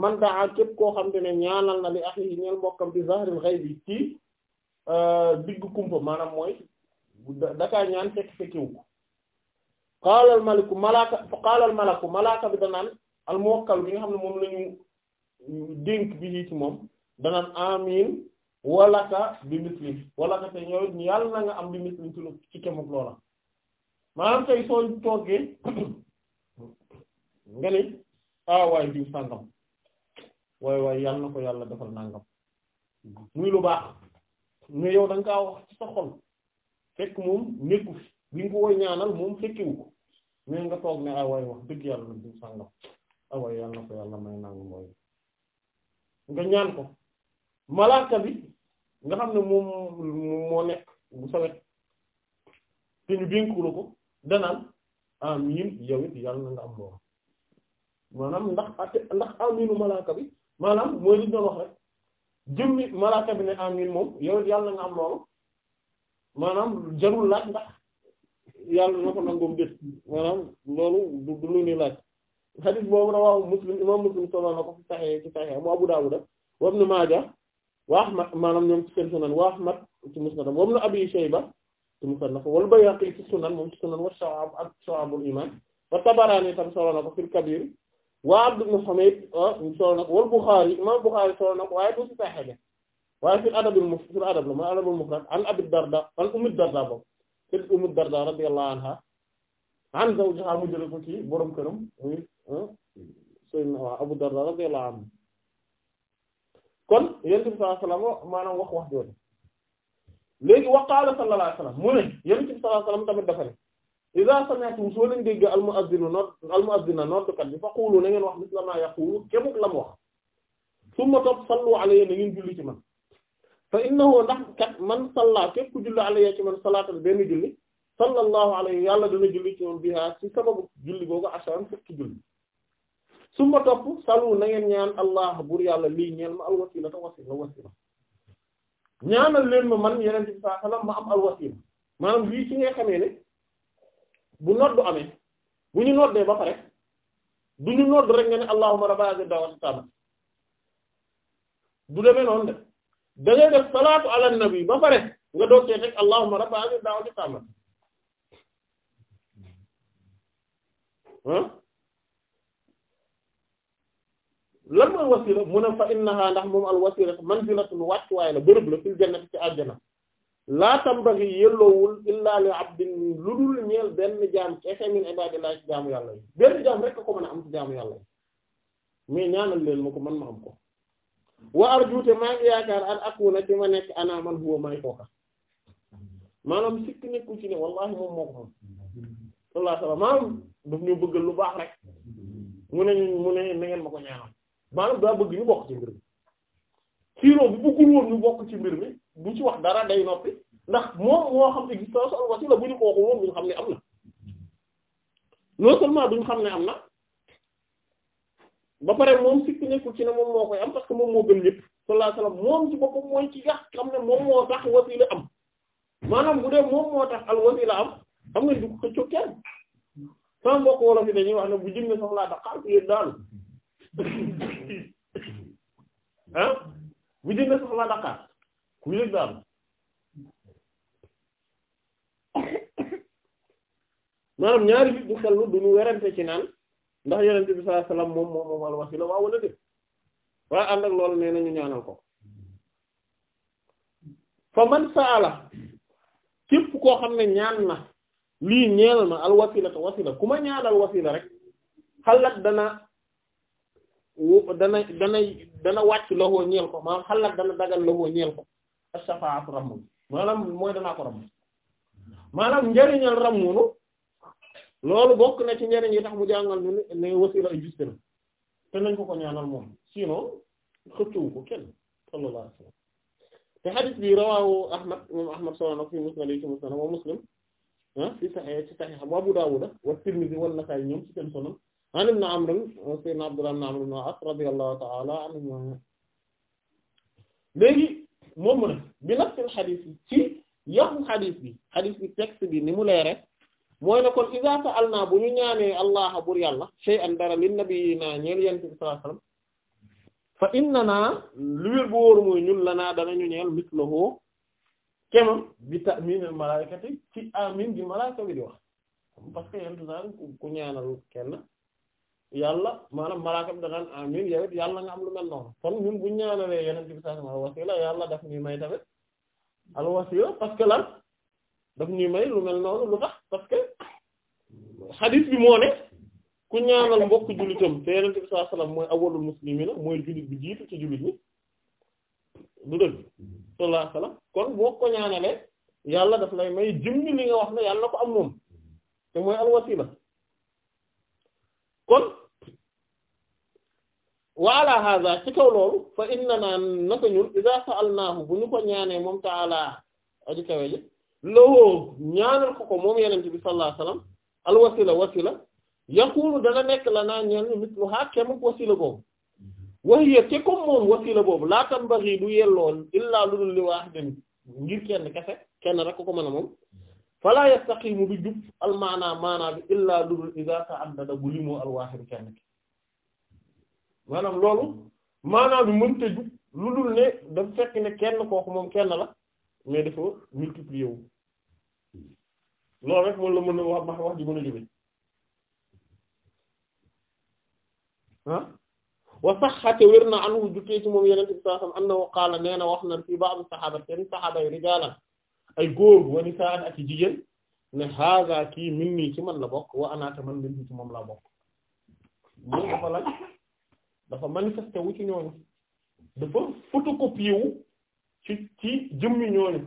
Speaker 1: man daa képp koo xam te ne ñaanal na li axi yi ñeel mbokkam bi zahril ghaibi ci Euh, digg kumpa maanaam mooy dakaa ñaan fekk fekkiwu ko xaalal maliku malaaka xaalal malaku malaaka bi danaan al muwakkal bi nga xam ne moom lañu dénk bi ci moom danaan amin walaka bi misli walaka te ñooyu ñu na nga am bi misli ci lu ci kemuk loola maanaam tey soo toggee nga ni ah waay diw sàngam waay waay yàlla na ko yàlla defal nàngam muy lu baax mais yow da nga kaa wax ci sa xol fekk moom nekku fi bi nga koy ñaanal moom fekkiwu ko mais nga toog ne ay wax dëgg yàlla na diw sàngam ay waay yàlla na ko yàlla may nangu mooy nga ñaan ko malaaka bi nga xam ne moom moo nekk bu sawet te ñu dénku ko danaan amin yow yàlla na nga am loolu malaaka bi maanaam mooy li ñu wax rek jëmmi malaaka bi ne amin moom yow yàlla nga am loolu maanaam jarul laaj ndax yàlla na ko nangoom dét maanaam loolu du lu ni laaj hadith boobu rawahu muslim imam muslim solo na ko fi saxee ci saxee mu abu dawud wa ibn maaja wa ahmad maanaam ñoom ci seen sunan wa ahmad ci musnadam wa ibn abi shayba ci musnad wal bayhaqi ci sunan moom ci sunan wa shu'ab ak shu'abul iman wa tabarani tam solo na ko fil kabir wa Abd ibn Humayd ah, solo na ko wal Bukhari imam Bukhari solo na ko waaye du ci Sahih waaye fil adab fil adab la mooy adab al-mufrad an Abi Darda an Ummi Darda boobu kër Ummi Darda radiyallahu anha an zawjiha mu jëlee ko ci borom këram muy ah, Seydina Abu Darda radiyallahu anhu kon Yonent bi sallallahu alayhi wa sallam maanaam wax wax jooju léegi wa qaala sallallahu alayhi wa sallam mu ne Yonent bi sallallahu alayhi wa sallam tamit dafa ne. iza sami'tum soo leen dégg al-mu'azzinu nodd al-mu'azzina bi faqulu na ngeen wax misla ma yaqulu kemuk la mu wax summa topp sallu alayhi na ngeen julli ci man fa innahu ndax kat man salla képp ku julli ya ci man salaatan benn julli sallallahu alayhi yàlla dana julli ci man biha ci sababu julli googu asharan fukki julli summa topp salu na ngeen ñaan allah bur yàlla lii ñeel ma alwasilata wasila wasila ñaanal leen ma man yeneen bi ma am alwasila maanaam bu noddu amee bu ñu noddee ba pare du ñu nodd rek nga ne allahumma rabba zi dawati tama du demee noonu de da ngay def salaatu ala nabi ba pare nga doog cee teg allahumma rabba zi dawati tama lan mooy wasila mu a fa innaha ndax moom al wasila manzilatun wàccuwaay la bërëb la fil jannati ci àjjana laatam ba ngi yelloowul illaa li abdin lu dul ñeel benn jaam kese min ibadillah ci jaamu yàlla yi benn jaam rek ko mën a am ci jaamu yàlla yi mais ñaanal leen ma ko man ma am ko wa arjuute maa ngi yaakaar an akuna ci ma nekk ana man huwa may kooka maanaam sikk nekku ci ne wallahi moom moo ko moom sallallahu alayhi maanaam daf ñu bëggal lu baax rek mu ne mu ne na ma ko ñaanal maanaam daa bëgg ñu bokk ci mbir mi sinon bu bëggul woon bokk ci mbir mi bu ci wax dara day noppi ndax moom moo xam existence al wasila bu xam ne am na non seulement duñ xam ne am na ba pare moom sikk nekkul ci ne moom moo koy am parce que am maanaam bu dee ne bu jëm ku yéeg daal maanaam ñaari nit bu xellu duñu werante ci naan ndax yonent bi sallallahu alayhi moom moom moom alwasila waaw wala dé waaye ànd ak loolu nee nañu ñaanal ko fa man saala képp koo xam ne ñaan na lii ñeel na alwasila te wasila ku ma ñaanal wasila rek xalaat dana dana dana dana wàcc loxoo ñeel ko maanaam xalaat dana dagal loxoo ñeel ko as-shafaatu rammun maanaam mooy danaa ko ramm maanaam njariñal rammunu loolu bokk na ci njariñ yi tax mu jàngal ñu ne wasila ay juste na te nañ ko ko ñaanal moom sinon xëccuwu ko kenn sallallahu alayhi wasallam te xadis bi rawawu ahmad moom ahmad solo na ko fi musnad yi ci musnad wa muslim fi ah, sahih ci sahih wa abu dawud wa tirmidhi wa nasa'i ñoom ci seen sunan an ibn amr sayyidina abdullah ibn amr ibn as radiyallahu ta'ala anhu léegi moom mu ne bi nafsil xadis ci yaxu xadis bi xadis bi texte bi ni mu leere mooy ne kon iza sa'alna bu ñu ñaanee allah bur yàlla shay'an dara lin nabiyina ñeel yent bi sallallahu alayhi wasallam fa lu wér bu wóor mooy ñun lanaa danañu ñeel mislahu kemam bi ta'minil malaayikati ci amin di malaayika bi di wax parce que ku ñaanal kenn yàlla maanaam malaaka bi danaan amin yow yàlla nga am lu mel noonu kon ñun bu ñaanalee yeneen bi sallallahu alayhi wa sallam yàlla daf ñuy may tamit al wasila parce lan daf ñuy may lu mel noonu lu tax parce que bi moo ne ku ñaanal mbokk jullitam te yeneen bi sallallahu mooy awwalul muslimina mooy jullit bi jiitu ci jullit ñi du dëgg sallallahu alayhi wa kon boo ko ñaanalee yàlla daf lay may jëmmi li nga wax ne yàlla na ko am moom te mooy al kon wa ala hadha ci kaw loolu fa innana naka ñun iza sa'alnaahu bu ñu ko ñaanee moom taala aji kawe ji lowoo ñaanal ko ko moom yenente bi sallallahu alayhi wasallam al dana nekk la naa ñeel ni mislu haa kem wasila boobu waxiya te comme moom wasila boobu laa tambari du yelloon illaa lu dul li waahidin ngir kenn kese kenn rek ko mën a moom falaa yastaqimu bi jub al maana maana bi lu dul iza ta'addada bu limoo al waahid kenn ki maanaam loolu maanaam bi mënta jug lu dul ne dafa fekk ne kenn kooku moom kenn la mais dafa multiplier loolu rek moom la mën a wax ji mën a jóge ah wa saxate wér na anhu jukkee ci moom yenente bi sallallahu alayhi wasallam annahu qaala na wax na fii ba'd saxaaba ten saxaaba yi rijaalan ay góor wa nisaan ak i jigéen ne haaza kii min nii ci man la bokk wa anaata man min moom laa bokk dafa manifesté wu ci ñooñu dafa photocopie wu ci ci jëmmi ñooñu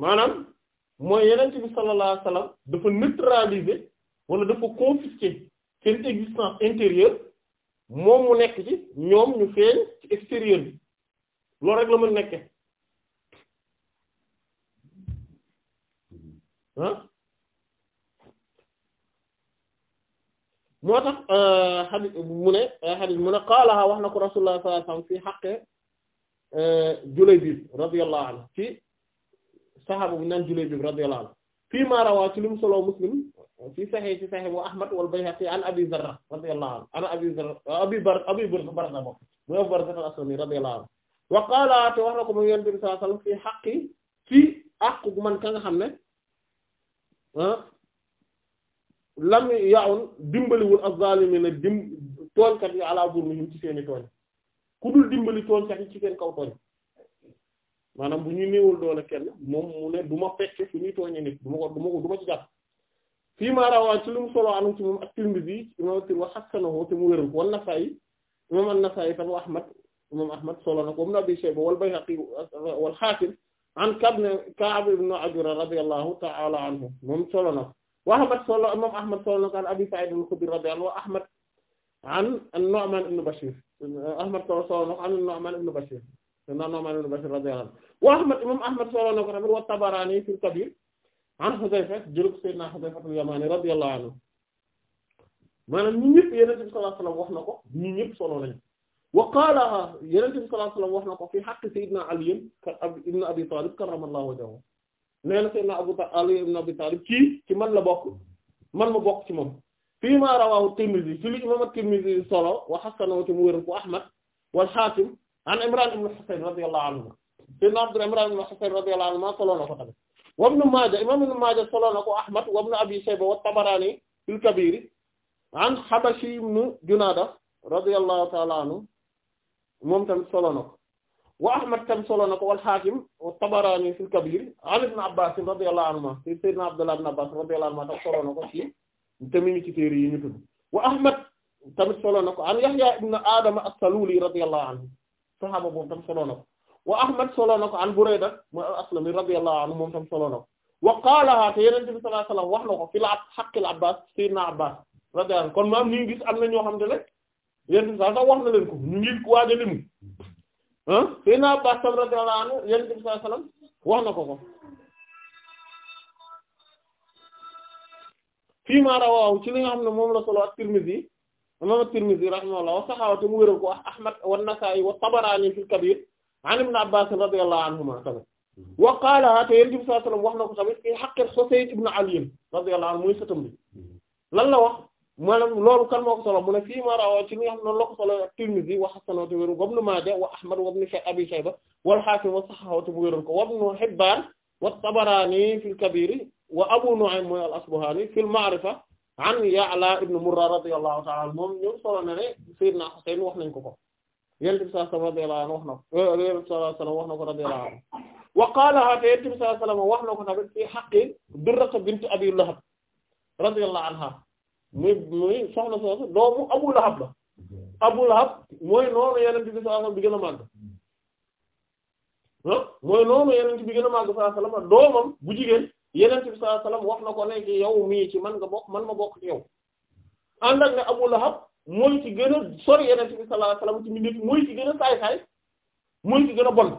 Speaker 1: maanaam mooy yenent bi sallallahu alayhi wasallam dafa neutraliser wala dafa confisquer seen existence intérieure moom mu nekk ci ñoom ñu feeñ ci extérieur loolu rek la mën nekke ah moo tax euh, hadith mu ne euh, hadith mu ne qaalaha wax na ko rasulullah sallallahu alayhi wasallam fi xaqe euh, Julaybib radiyallahu anhu ci saxaaba bu naan Julaybib radiyallahu anhu fii ma rawaa ci li mu solo Muslim fi sahih ci sahih bu Ahmad wal Bayhaqi an Abi Zarra radiyallahu anhu an Abi Zarra Abi Bar Abi Burda Barza bo mu Abu Barza al-Aslami radiyallahu anhu wa qaala te wax na ko mu Yonent bi sallallahu alayhi wasallam fi xaqi fii àq gu man ka nga xam ne ah, lam ya'un dimbaliwul az-zaalimiina dim tooñkat yi ala zulmihim ci seeni tooñ ku dul dimbali tooñkat yi ci seen kaw tooñ maanaam bu ñuy néewul doole kenn moom mu ne du ma fekk fu tooñee nit du ma ko du ko du ci jàpp fii maa rawaa ci lu mu solo anu ci moom ak Tirmidhi imam Tirmidhi hasanahu te mu wéral ko wal Nasaa'i imam an-Nasaa'i tam Ahmad imam Ahmad solo na ko ibn Abi Shayba wal Bayhaqi wal Haakim an Ka'b ibn Ajura radiyallahu ta'ala anhu moom solo na wa Ahmad solo imam Ahmad solo an Abi Sa'id al-Khudri radiyallahu anhu Ahmad an an-Nu'man ibn Bashir Ahmad solo solo an an-Nu'man ibn Bashir an an-Nu'man ibn Bashir radiyallahu anhu wa Ahmad imam Ahmad solo na ko tamit wa Tabarani fi al-Kabir an Hudayfa jëlug Sayyidina Hudayfa al-Yamani radiyallahu anhu maanaam ñi ñëpp Yonent bi sallallahu alayhi wasallam wax na ko ñi ñëpp solo nañu wa qaala Yonent bi sallallahu alayhi wasallam wax na ko fi haqq Sayyidina Ali ibn Abi Talib karramallahu wajhahu nee na Seydina Abu Ali ibn Abi Talib kii ci man la bokk man ma bokk ci moom fii ma rawahu Tirmidhi ci li imam Tirmidhi solo wa hasanahu te mu wér ko Ahmad wal Hakim an Imran ibn Husayn radiyallahu anhu Seydina Abd Imran ibn Husayn radiyallahu anhu ma solo na ko tamit wa Ibn Maaja imam Ibn Maaja solo na ko Ahmad wa Ibn Abi Shayba wa Tabarani fil Kabir an Habashi ibn Junada radiyallahu ta'ala anhu moom tamit solo na ko wa Ahmad tam solo na ko wal Hakim wa Tabarani fil Kabir an Ibn Abbas radiyallahu anhuma sayyidina Abdullah ibn Abbas radiyallahu anhuma solo na ko ci tamit ci téere yi ñu tudd wa Ahmad tamit solo na ko an Yahya ibn Adam as-Saluli radiyallahu anhu saxaaba boobu tam solo na ko wa Ahmad solo na ko an Burayda mooy al-Aslami radiyallahu anhu moom tam solo wa qaalahaa te Yonent bi sallallahu alayhi wa na ko fil haqqil Abbas sayyidina Abbas radiyallahu anhu kon maam ñu ngi gis am na ñoo xam te ne Yonent bi sax wax na leen ko ñu ngi waaj a ah Seydina Abbaas radiyallahu anhu Yonent bi sallallahu alayhi wasallam wax na ko ko fii ma rawaahu ci li nga xam ne moom la solo ak Tirmidhi imam at-Tirmidhi rahimahullah wa saxaaba te mu wéral ko wax Ahmad wa Nasaa'i wa Tabaraani fil Kabiir an Ibn Abbaas radiyallahu anhuma tamit wa qaala te Yonent bi sallallahu alayhi wasallam wax na ko tamit fi haqqi Husayn ibn Ali radiyallahu anhu muy sëtam bi lan la wax maanaam loolu kan moo ko solo mu ne fii ma rawoo ci li nga xam ne la ko solo Tirmidhi wa xasanahu te wéru wa Ibn Maaja wa Ahmad wa Ibn Abi Shayba wal Haakim wa saxahu te mu wéral ko wa Ibn Hibbaan wa Tabaraani fil Kabiir wa Abu Nu'aym mooy al-Asbahaani fil Ma'rifa an Ya'la ibn Murra radiyallahu ta'ala moom ñoom solo na ne Seydina Husayn wax nañ ko ko Yonent bi sallallahu alayhi wa sallam wax na ko Yonent bi sallallahu alayhi wa sallam wax na ko radiyallahu anhu wa qaala te Yonent bi sallallahu alayhi wa sallam wax na ko tamit fi haqqi Durrata bint Abi Lahab radiyallahu anha muy muy soxna soosu doomu Abu Lahab la Abu Lahab mooy noonu yeneen bi sallallahu bi gën a màgg ah mooy noonu yeneen gën a màgg sallallahu alayhi wasallam doomam bu jigéen yeneen bi sallallahu alayhi wax na ko léegi yow mii ci man nga bokk man ma bokk ci yow ànd ak ne Abu Lahab mooy ci gën a sori yeneen bi sallallahu alayhi mu ci nit mooy ci gën a saay-saay mooy ci gën a bon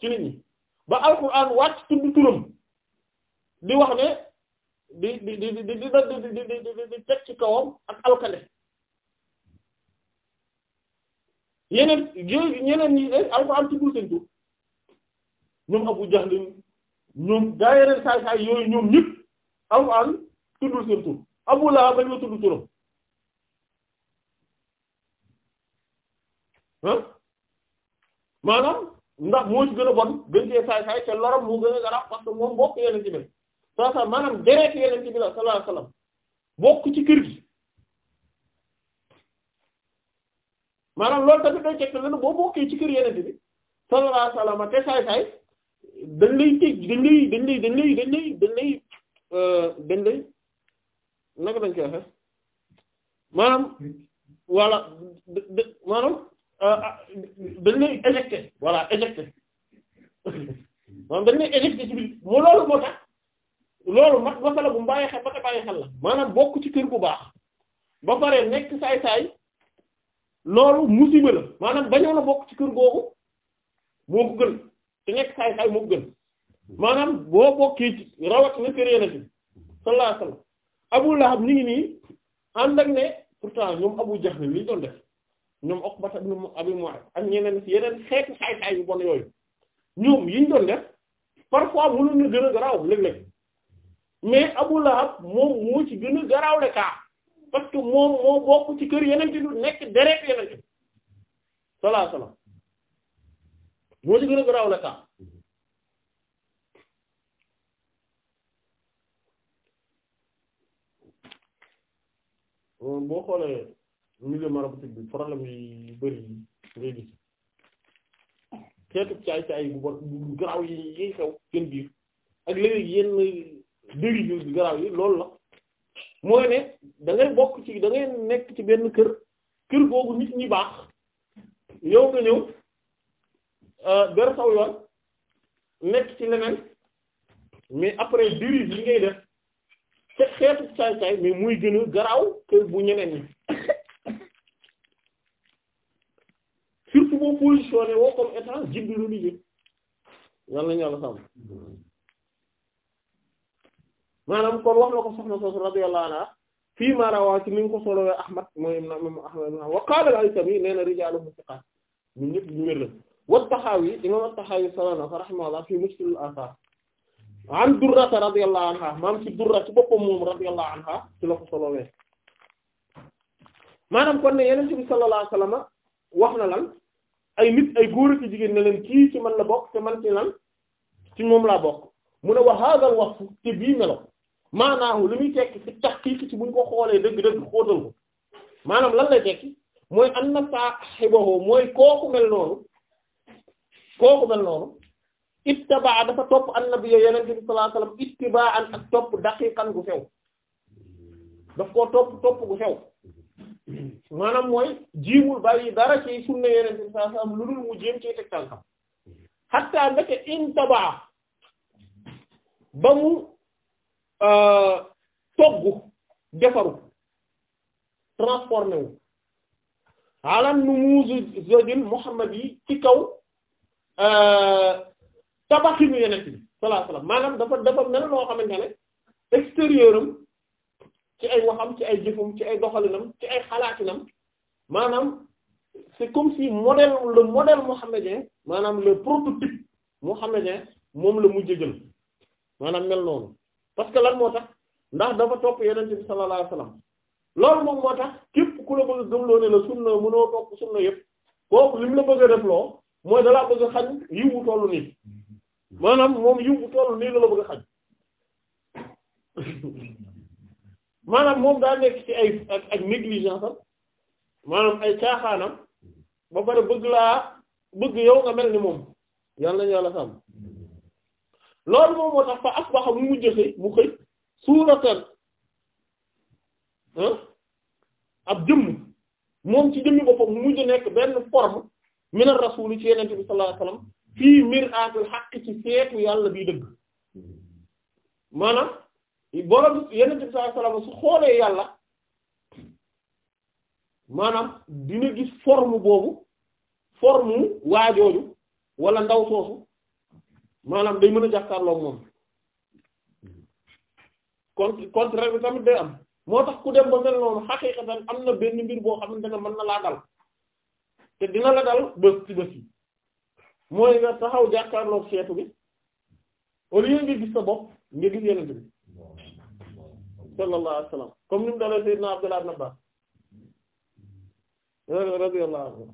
Speaker 1: ci nit ñi ba alxuraan wàcc tudd turam di wax ne. di di di di di di di teg ci kawam ak alkande yeneen yooyu ñeneen ñi de Alxuraan tuddul seen tur ñoom Abu Jahl ñoom gaa yeneen saay saay yooyu ñoom ñëpp Alxuraan tuddul seen tur Abu Lahab bañ la tudd turam ah maanaam ndax moo ci gën a bon gën cee saay saay te loram moo gën a garab parce moom bokk yeneen ci mel saa saa maanaam deret yeneen ci bi la sallallahu alayhi bokk ci kër gi maanaam loolu tamit day cegte lana boo bokkee ci kër yeneen te saay saay dañ lay tëj dañ lay dañ lay dañ lay dañ lay dañ lay euh, dañ lay naka dañ koy waxe maanaam voilà euh, maanaam dañ lay éjecté voilà loolu ma masala bu mu bàyyi xel ba te bàyyi xel la maanaam bokk ci kër gu baax ba pare nekk saay-saay loolu musiba la maanaam bañoo la bokk ci kër googu moo ko gën te nekk saay-saay moo ko gën maanaam boo bokkee ci rawat na kër yéen a fi sallallahu alayhi wasallam Abu Lahab ñu ngi nii ànd ak ne pourtant ñoom Abu Jahl li doon def ñoom Uqba ibn Abi Mu'ayt ak ñeneen yeneen xeetu saay-saay yu bon yooyu ñoom yiñ doon def parfois mënoon na gën a garaaw léeg-léeg. mais Abu Lahab moom moo ci gën a garawle kaa parce que moom moo ci kër yeneen ci du nekk deret yeneen ci salaa salaam moo ci gën a garawle kaa boo xoolee milieu maraboutique bi problème yi bëri yi ngay gis xeetu caay caay garaw yi yi xew seen biir ak léegi yenn dëri yu garaaw yi loolu la mooy ne da bokk ci da nekk ci benn kër kër googu nit ñi baax yow nga ñëw dara euh, saw nekk ci leneen mais après dirige yi ngay def te xeetu saay-saay mais muy gën a garaaw kër bu ñeneen ñi surtout boo positionné woo comme état jibbi lu liggéey yàlla na ñu yàlla maanaam kon wax na ko soxna soosu radiyallahu anha fii maa rawaa ci ni nga ko solowee Ahmad mooy imam Ahmad wa qaala al-Haythami nee na rijaaluhu thiqaat ñun ñëpp ñu wér la wa Tahawi imam at-Tahawi solona ko rahimahullah fii mushkil al-athar an Durrata radiyallahu anha maam ci Durra ci boppam moom radiyallahu anha ci la ko solowee maanaam kon ne Yonent bi sallallahu wax na lan ay nit ay góor jigéen ne leen kii ci man la bokk te man ci lan ci moom laa bokk mu ne wa haadha al-wasf maanaahu li muy tekki ci tahqiq ci buñ ko xoolee dëgg-dëgg xóotal ko maanaam lan lay tekki mooy an na saahibahu mooy kooku mel noonu kooku mel noonu ittibaa dafa topp annabi yonent bi sallallahu alayhi wasallam ittibaan ak topp daqiqan koo topp topp gu sew maanaam mooy jiimul bàyyi dara ci sunna yonent bi sallallahu lu dul mu jéem ci tegtal xam hatta ndeke intibaa ba mu Euh, togg defaru transformé wu alam mu muusu zodin Muhammad yi ci kaw euh, tabaxinu yeneen bi sallallahu alayhi wasallam maanaam dafa dafa mel loo xamante ne extérieur am ci ay waxam ci ay jëfam ci ay doxalinam ci ay xalaatinam maanaam c'est comme si modèle le modèle mohammédien maanaam le prototype mohammédien moom la mujj jël maanaam mel noonu parce que lan moo tax ndax dafa topp yenente bi sallallahu alayhi loolu moom moo tax képp ku la bëgg a gëmloo ne la sunna mënoo topp sunna yëpp kooku li la bëgg a def loo mooy dalaa bëgg a xañ yiwu toll nii maanaam moom yiwu toll nii la la bëgg a xañ maanaam moom daa nekk ci ay ak ak négligence maanaam ay caaxaanam ba pare bëgg laa bëgg yow nga mel ni moom yàlla nañu yàlla sàmm loolu moom moo tax fa asbaha mu mujj xëy mu xëy suuratan ab jëmm moom ci jëmmi boppam mu mujj nekk benn forme min ar-rasul ci yenente bi sallallahu alayhi fii mir'atul haqq ci seetu yàlla bii dëgg maanaam borom yenente bi sallallahu su xoolee yàlla maanaam dina gis form boobu forme waajooju wala ndaw soosu maanaam day mën a jàkkaarloog moom kon contraire bi am moo tax ku dem ba mel noonu xaqiiqatan am na benn mbir boo xamante ne mën na laa dal te dina la dal bës ci bës yi mooy nga taxaw jàkkaarloog seetu bi au lieu nga gis sa bopp nga gis yeneen bi sallallahu alayhi wa sallam comme ni mu dalee Seydina Abdullah ibn Abbas radiyallahu anhu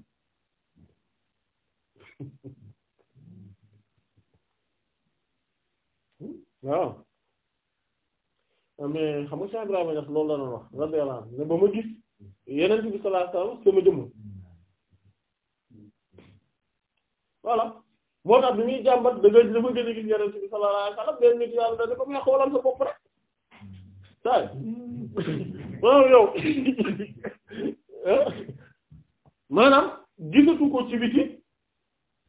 Speaker 1: waaw mais xam nga Cheikh Ibrahima Niass loolu la doon wax radiyallahu anhu ne ba ma gis yeneen bi sallallahu alayhi wasallam sama jëmm voilà moo tax bi muy jàmbat da nga dafa gën a gis yeneen bi sallallahu alayhi nit yàlla da ne ko mais sa bopp rek saa maanaam gisatu ko ci biti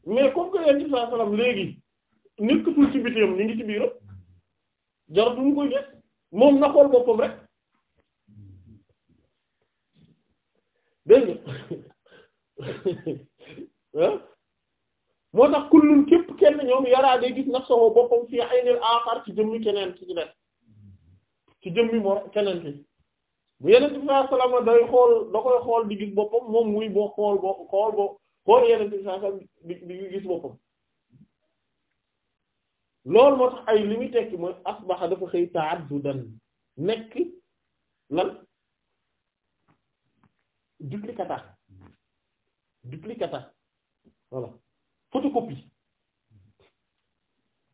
Speaker 1: mais comme que yeneen bi sallallahu alayhi léegi nekkatul ci biti yam ñu ngi ci biiram jarul du mu koy gis moom na xool boppam rek dégg nga moo tax kullun képp kenn ñoom yaraa day gis nafsahu boppam fii aynil aaxar ci jëmmi keneen ci ci def ci jëmmi keneen ki bu yeneen bi saa salaam day xool da koy xool di gis boppam moom muy boo xool boo xool yeneen bi saa salaam di di gis boppam loolu moo tax ay li muy tekki mooy asbaxa dafa xëy ta'addudan nekk lan duplicata duplicata voilà photocopie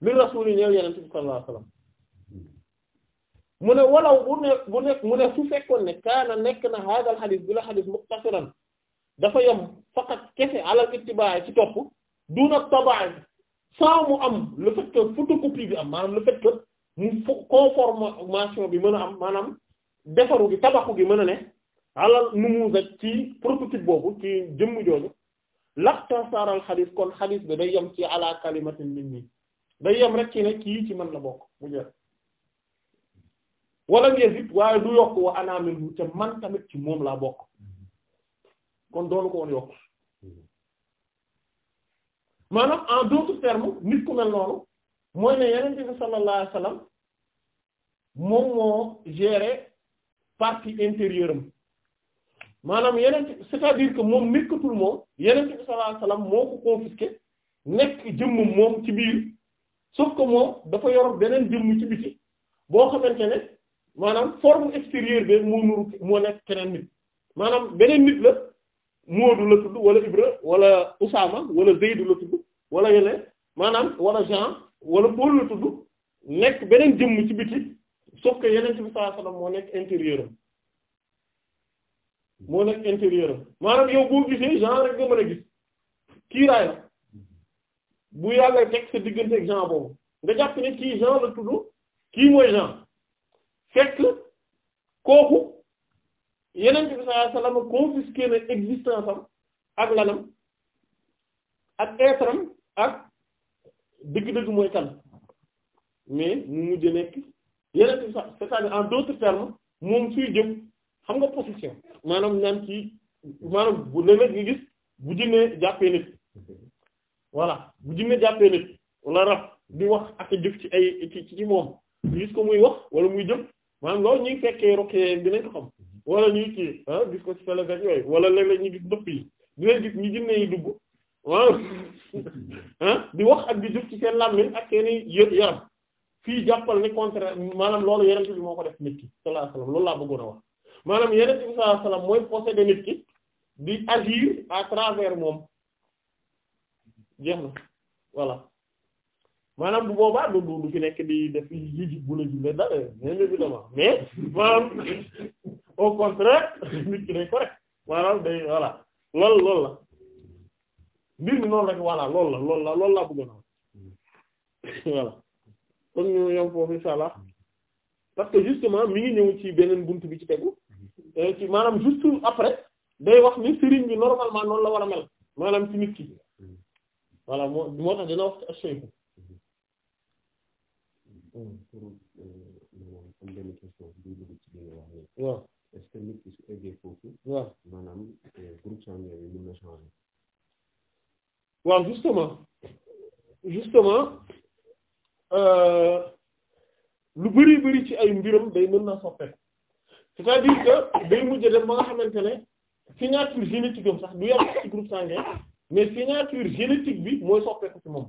Speaker 1: li rasul yi ñëw yeneen bi sallallahu alayhi mu ne walaw bu ne bu nekk mu ne su fekkoon ne kaana nekk na hadal xadis bi la xadis muqtasiran dafa yem faqat kese alal ittibaay ci topp duna tabaay sans mu am le fait que photocopie bi am maanaam le fait que mu conformation bi mën a am maanaam defaru gi tabaxu gi mën a ne alal numu ci prototype boobu ci jëmm jooju laxta saaral xadis kon xadis bi day yem ci ala kalimatin ñi day yem rek ci ne kii ci man la bokk mu jël wala ngeen it waaye du yokk wa anaamin ci moom laa bokk mm-hmm. kon doonu ko yokk mm-hmm. maanaam en d'autres termes nit ku mel noonu mooy ne yeneen bi sallallahu alayhi wasallam moom moo gérer partie intérieure am maanaam yeneen c'est-à-dire que moom nekkatul moom yeneen bi sallallahu alayhi wasallam moo ko confisqué nekk jëmmam moom ci biir sauf que moom dafa yor beneen jëmm ci biti boo xamante ne maanaam forme extérieure bi moo nuru moo nekk keneen nit maanaam beneen nit la Moodu la tudd wala Ibra wala Usaama wala Zeydu la tudd wala yeneen maanaam wala Jean wala Paul la tudd nekk beneen jëmm ci biti sauf que yeneen bi sallallahu alayhi wasallam moo nekk intérieur am moo nekk intérieur maanaam yow boo gisee Jean rek nga mën a gis kiiraay la bu yàlla teg sa diggante ak Jean boobu nga jàpp ne kii Jean la tudd kii mooy Jean fekk kooku yeneen bi sallallahu alayhi wasallam confisqué na existence am ak lanam ak être ak dëgg-dëgg mooy kan mais mu mujj nekk yeneen i sax cest en d'autres termes moom suy jëm xam nga position maanaam naan ci maanaam bu léeg-léeg nga gis bu jinne jàppee nit voilà bu jinne jàppee nit wala rab di wax ak jëf ci ay ci ci moom gis ko muy wax wala muy jëf maanaam loolu ñuy fekkee rokkee dinañ ko xam wala ñuy kii ah gis ko ci fële yooyu wala léeg-léeg ñu gis ndëpp yi ñu jinne yi dugg di wax ak di jub ci seen làmmiñ ak seeni yë yaram fii jàppal ni contraire maanaam loolu yeneen bi moo ko def nit ki loolu laa bëggoon wax maanaam yeneen bi sallallahu alayhi wasallam mooy posséder nit ki di agir à travers moom jeex na voilà maanaam bu boobaa du du fi nekk di def yi ji bu la jublee dara mais maanaam au contraire nit ki day correct maanaam day voilà loolu loolu la mbir mi noonu rek voilà loolu la loolu la loolu laa bëggoon a hmm. voilà kon ñu yom foofu insha allah parce que ngi ñëw ci beneen bunt bi ci tegu hmm. euh, ci maanaam juste après day wax ni sëriñ bi normalement noonu la war a mel maanaam ci nit ki hmm. moo moo tax dina wax ci acheku euh, waaw est-ce que nit ki su eggee foofu waaw maanaam euh, groupe waaw justement justement euh, lu bari bari ci ay mbiram day mën na soppeeku c'est-à-dire que day mujj dem ba nga xamante ne signature génétique am sax du yam ci groupe sanguin mais signature génétique bi mooy soppeeku ci moom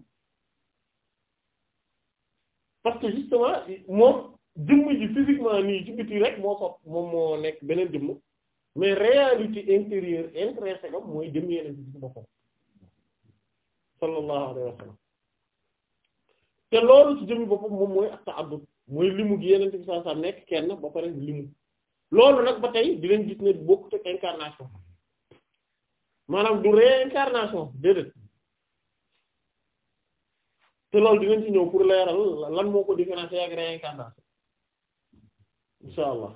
Speaker 1: parce que justement moom jëmm ji physiquement nii ci rek moo sopp moom moo nekk beneen jëmm mais réalité intérieure intrinsèque am mooy jëmm yeneen ci boppam sallallahu alayhi wa sallam te loolu ci jëmi boppam moom mooy ak ta'addud mooy limu gi yeneen bi sallallahu alayhi wa sallam nekk kenn ba pare limu loolu nag ba tey di leen gis ne bokkut ak incarnation maanaam du réincarnation déedéet te loolu dinañ ci ñëw pour leeral lan moo ko différencier ak réincarnation insha allah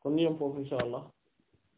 Speaker 1: kon ñu yem foofu allah